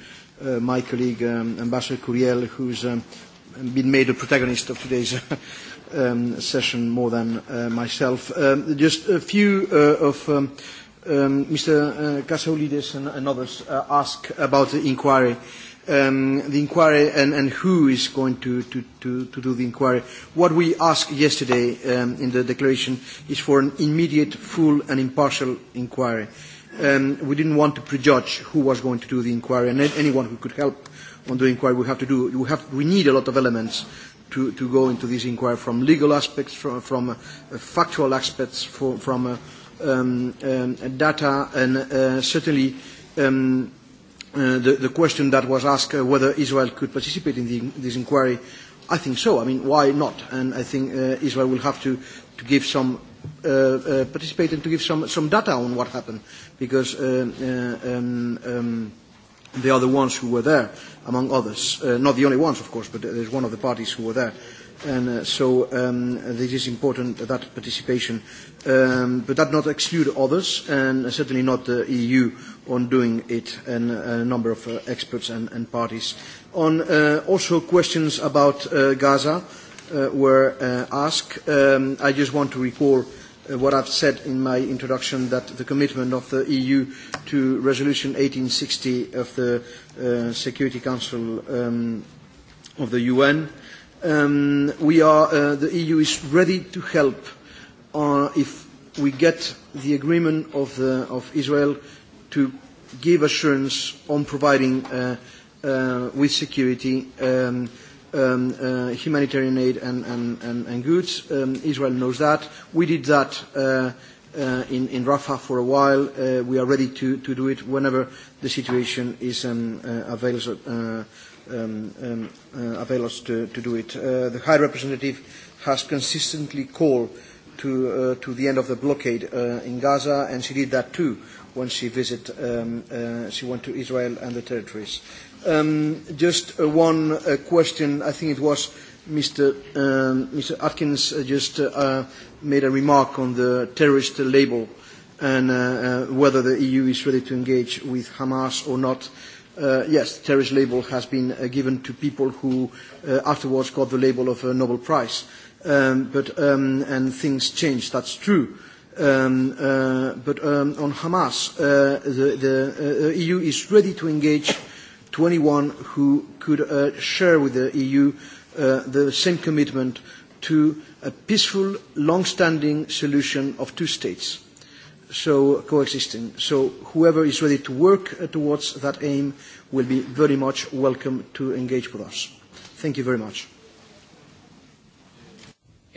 uh, my colleague, um, Ambassador Curiel, who's um, been made a protagonist of today's um, session more than uh, myself. Um, just a few uh, of um, um, Mr. Uh, Kasoulides and, and others uh, ask about the inquiry um, the inquiry and, and who is going to, to, to, to do the inquiry. What we asked yesterday um, in the declaration is for an immediate, full and impartial inquiry. Um, we didn't want to prejudge who was going to do the inquiry and anyone who could help on the inquiry we have to do. We, have, we need a lot of elements to, to go into this inquiry from legal aspects, from, from uh, factual aspects, from, from uh, um, um, data and uh, certainly um, Uh, the, the question that was asked uh, whether Israel could participate in the, this inquiry, I think so. I mean, why not? And I think uh, Israel will have to, to give some, uh, uh, participate and to give some, some data on what happened, because uh, uh, um, um, they are the ones who were there, among others. Uh, not the only ones, of course, but there's one of the parties who were there. Uh, and uh, so um, this is important uh, that participation, um, but that not exclude others, and uh, certainly not the EU on doing it, and uh, a number of uh, experts and, and parties. On uh, also questions about uh, Gaza uh, were uh, asked. Um, I just want to recall uh, what I've said in my introduction, that the commitment of the EU to Resolution 1860 of the uh, Security Council um, of the UN Um, we are, uh, the EU is ready to help uh, if we get the agreement of, the, uh, of Israel to give assurance on providing uh, uh, with security um, um, uh, humanitarian aid and, and, and, and goods. Um, Israel knows that. We did that uh, uh, in, in Rafah for a while. Uh, we are ready to, to do it whenever the situation is um, uh, available. Uh, um, um, uh, to, to do it. Uh, the High Representative has consistently called to, uh, to the end of the blockade uh, in Gaza, and she did that too when she visited, um, uh, she went to Israel and the territories. Um, just uh, one uh, question, I think it was Mr. Um, Mr. Atkins uh, just uh, made a remark on the terrorist label and uh, uh, whether the EU is ready to engage with Hamas or not. Uh, uh, yes, terrorist label has been uh, given to people who uh, afterwards got the label of a Nobel Prize. Um, but, um, and things changed, that's true. Um, uh, but um, on Hamas, uh, the, the uh, EU is ready to engage to anyone who could uh, share with the EU uh, the same commitment to a peaceful, long-standing solution of two states so coexisting. So whoever is ready to work uh, towards that aim will be very much welcome to engage with us. Thank you very much.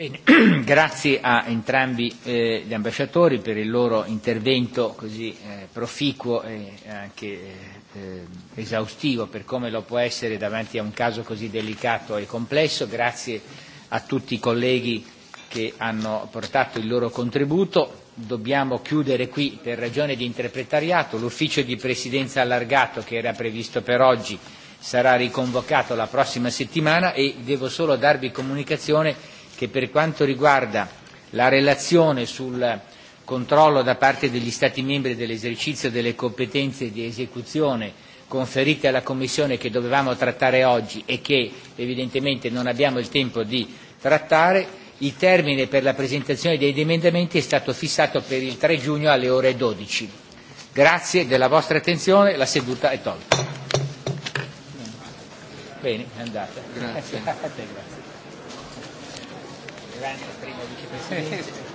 Grazie a entrambi eh, gli ambasciatori per il loro intervento così eh, proficuo e anche eh, esaustivo per come lo può essere davanti a un caso così delicato e complesso. Grazie a tutti i colleghi che hanno portato il loro contributo dobbiamo chiudere qui per ragione di interpretariato. L'ufficio di presidenza allargato che era previsto per oggi sarà riconvocato la prossima settimana e devo solo darvi comunicazione che per quanto riguarda la relazione sul controllo da parte degli Stati membri dell'esercizio delle competenze di esecuzione conferite alla Commissione che dovevamo trattare oggi e che evidentemente non abbiamo il tempo di trattare, il termine per la presentazione degli emendamenti è stato fissato per il 3 giugno alle ore 12. Grazie della vostra attenzione, la seduta è tolta. Bene, è andata. Grazie. grazie. Grazie. primo vicepresidente.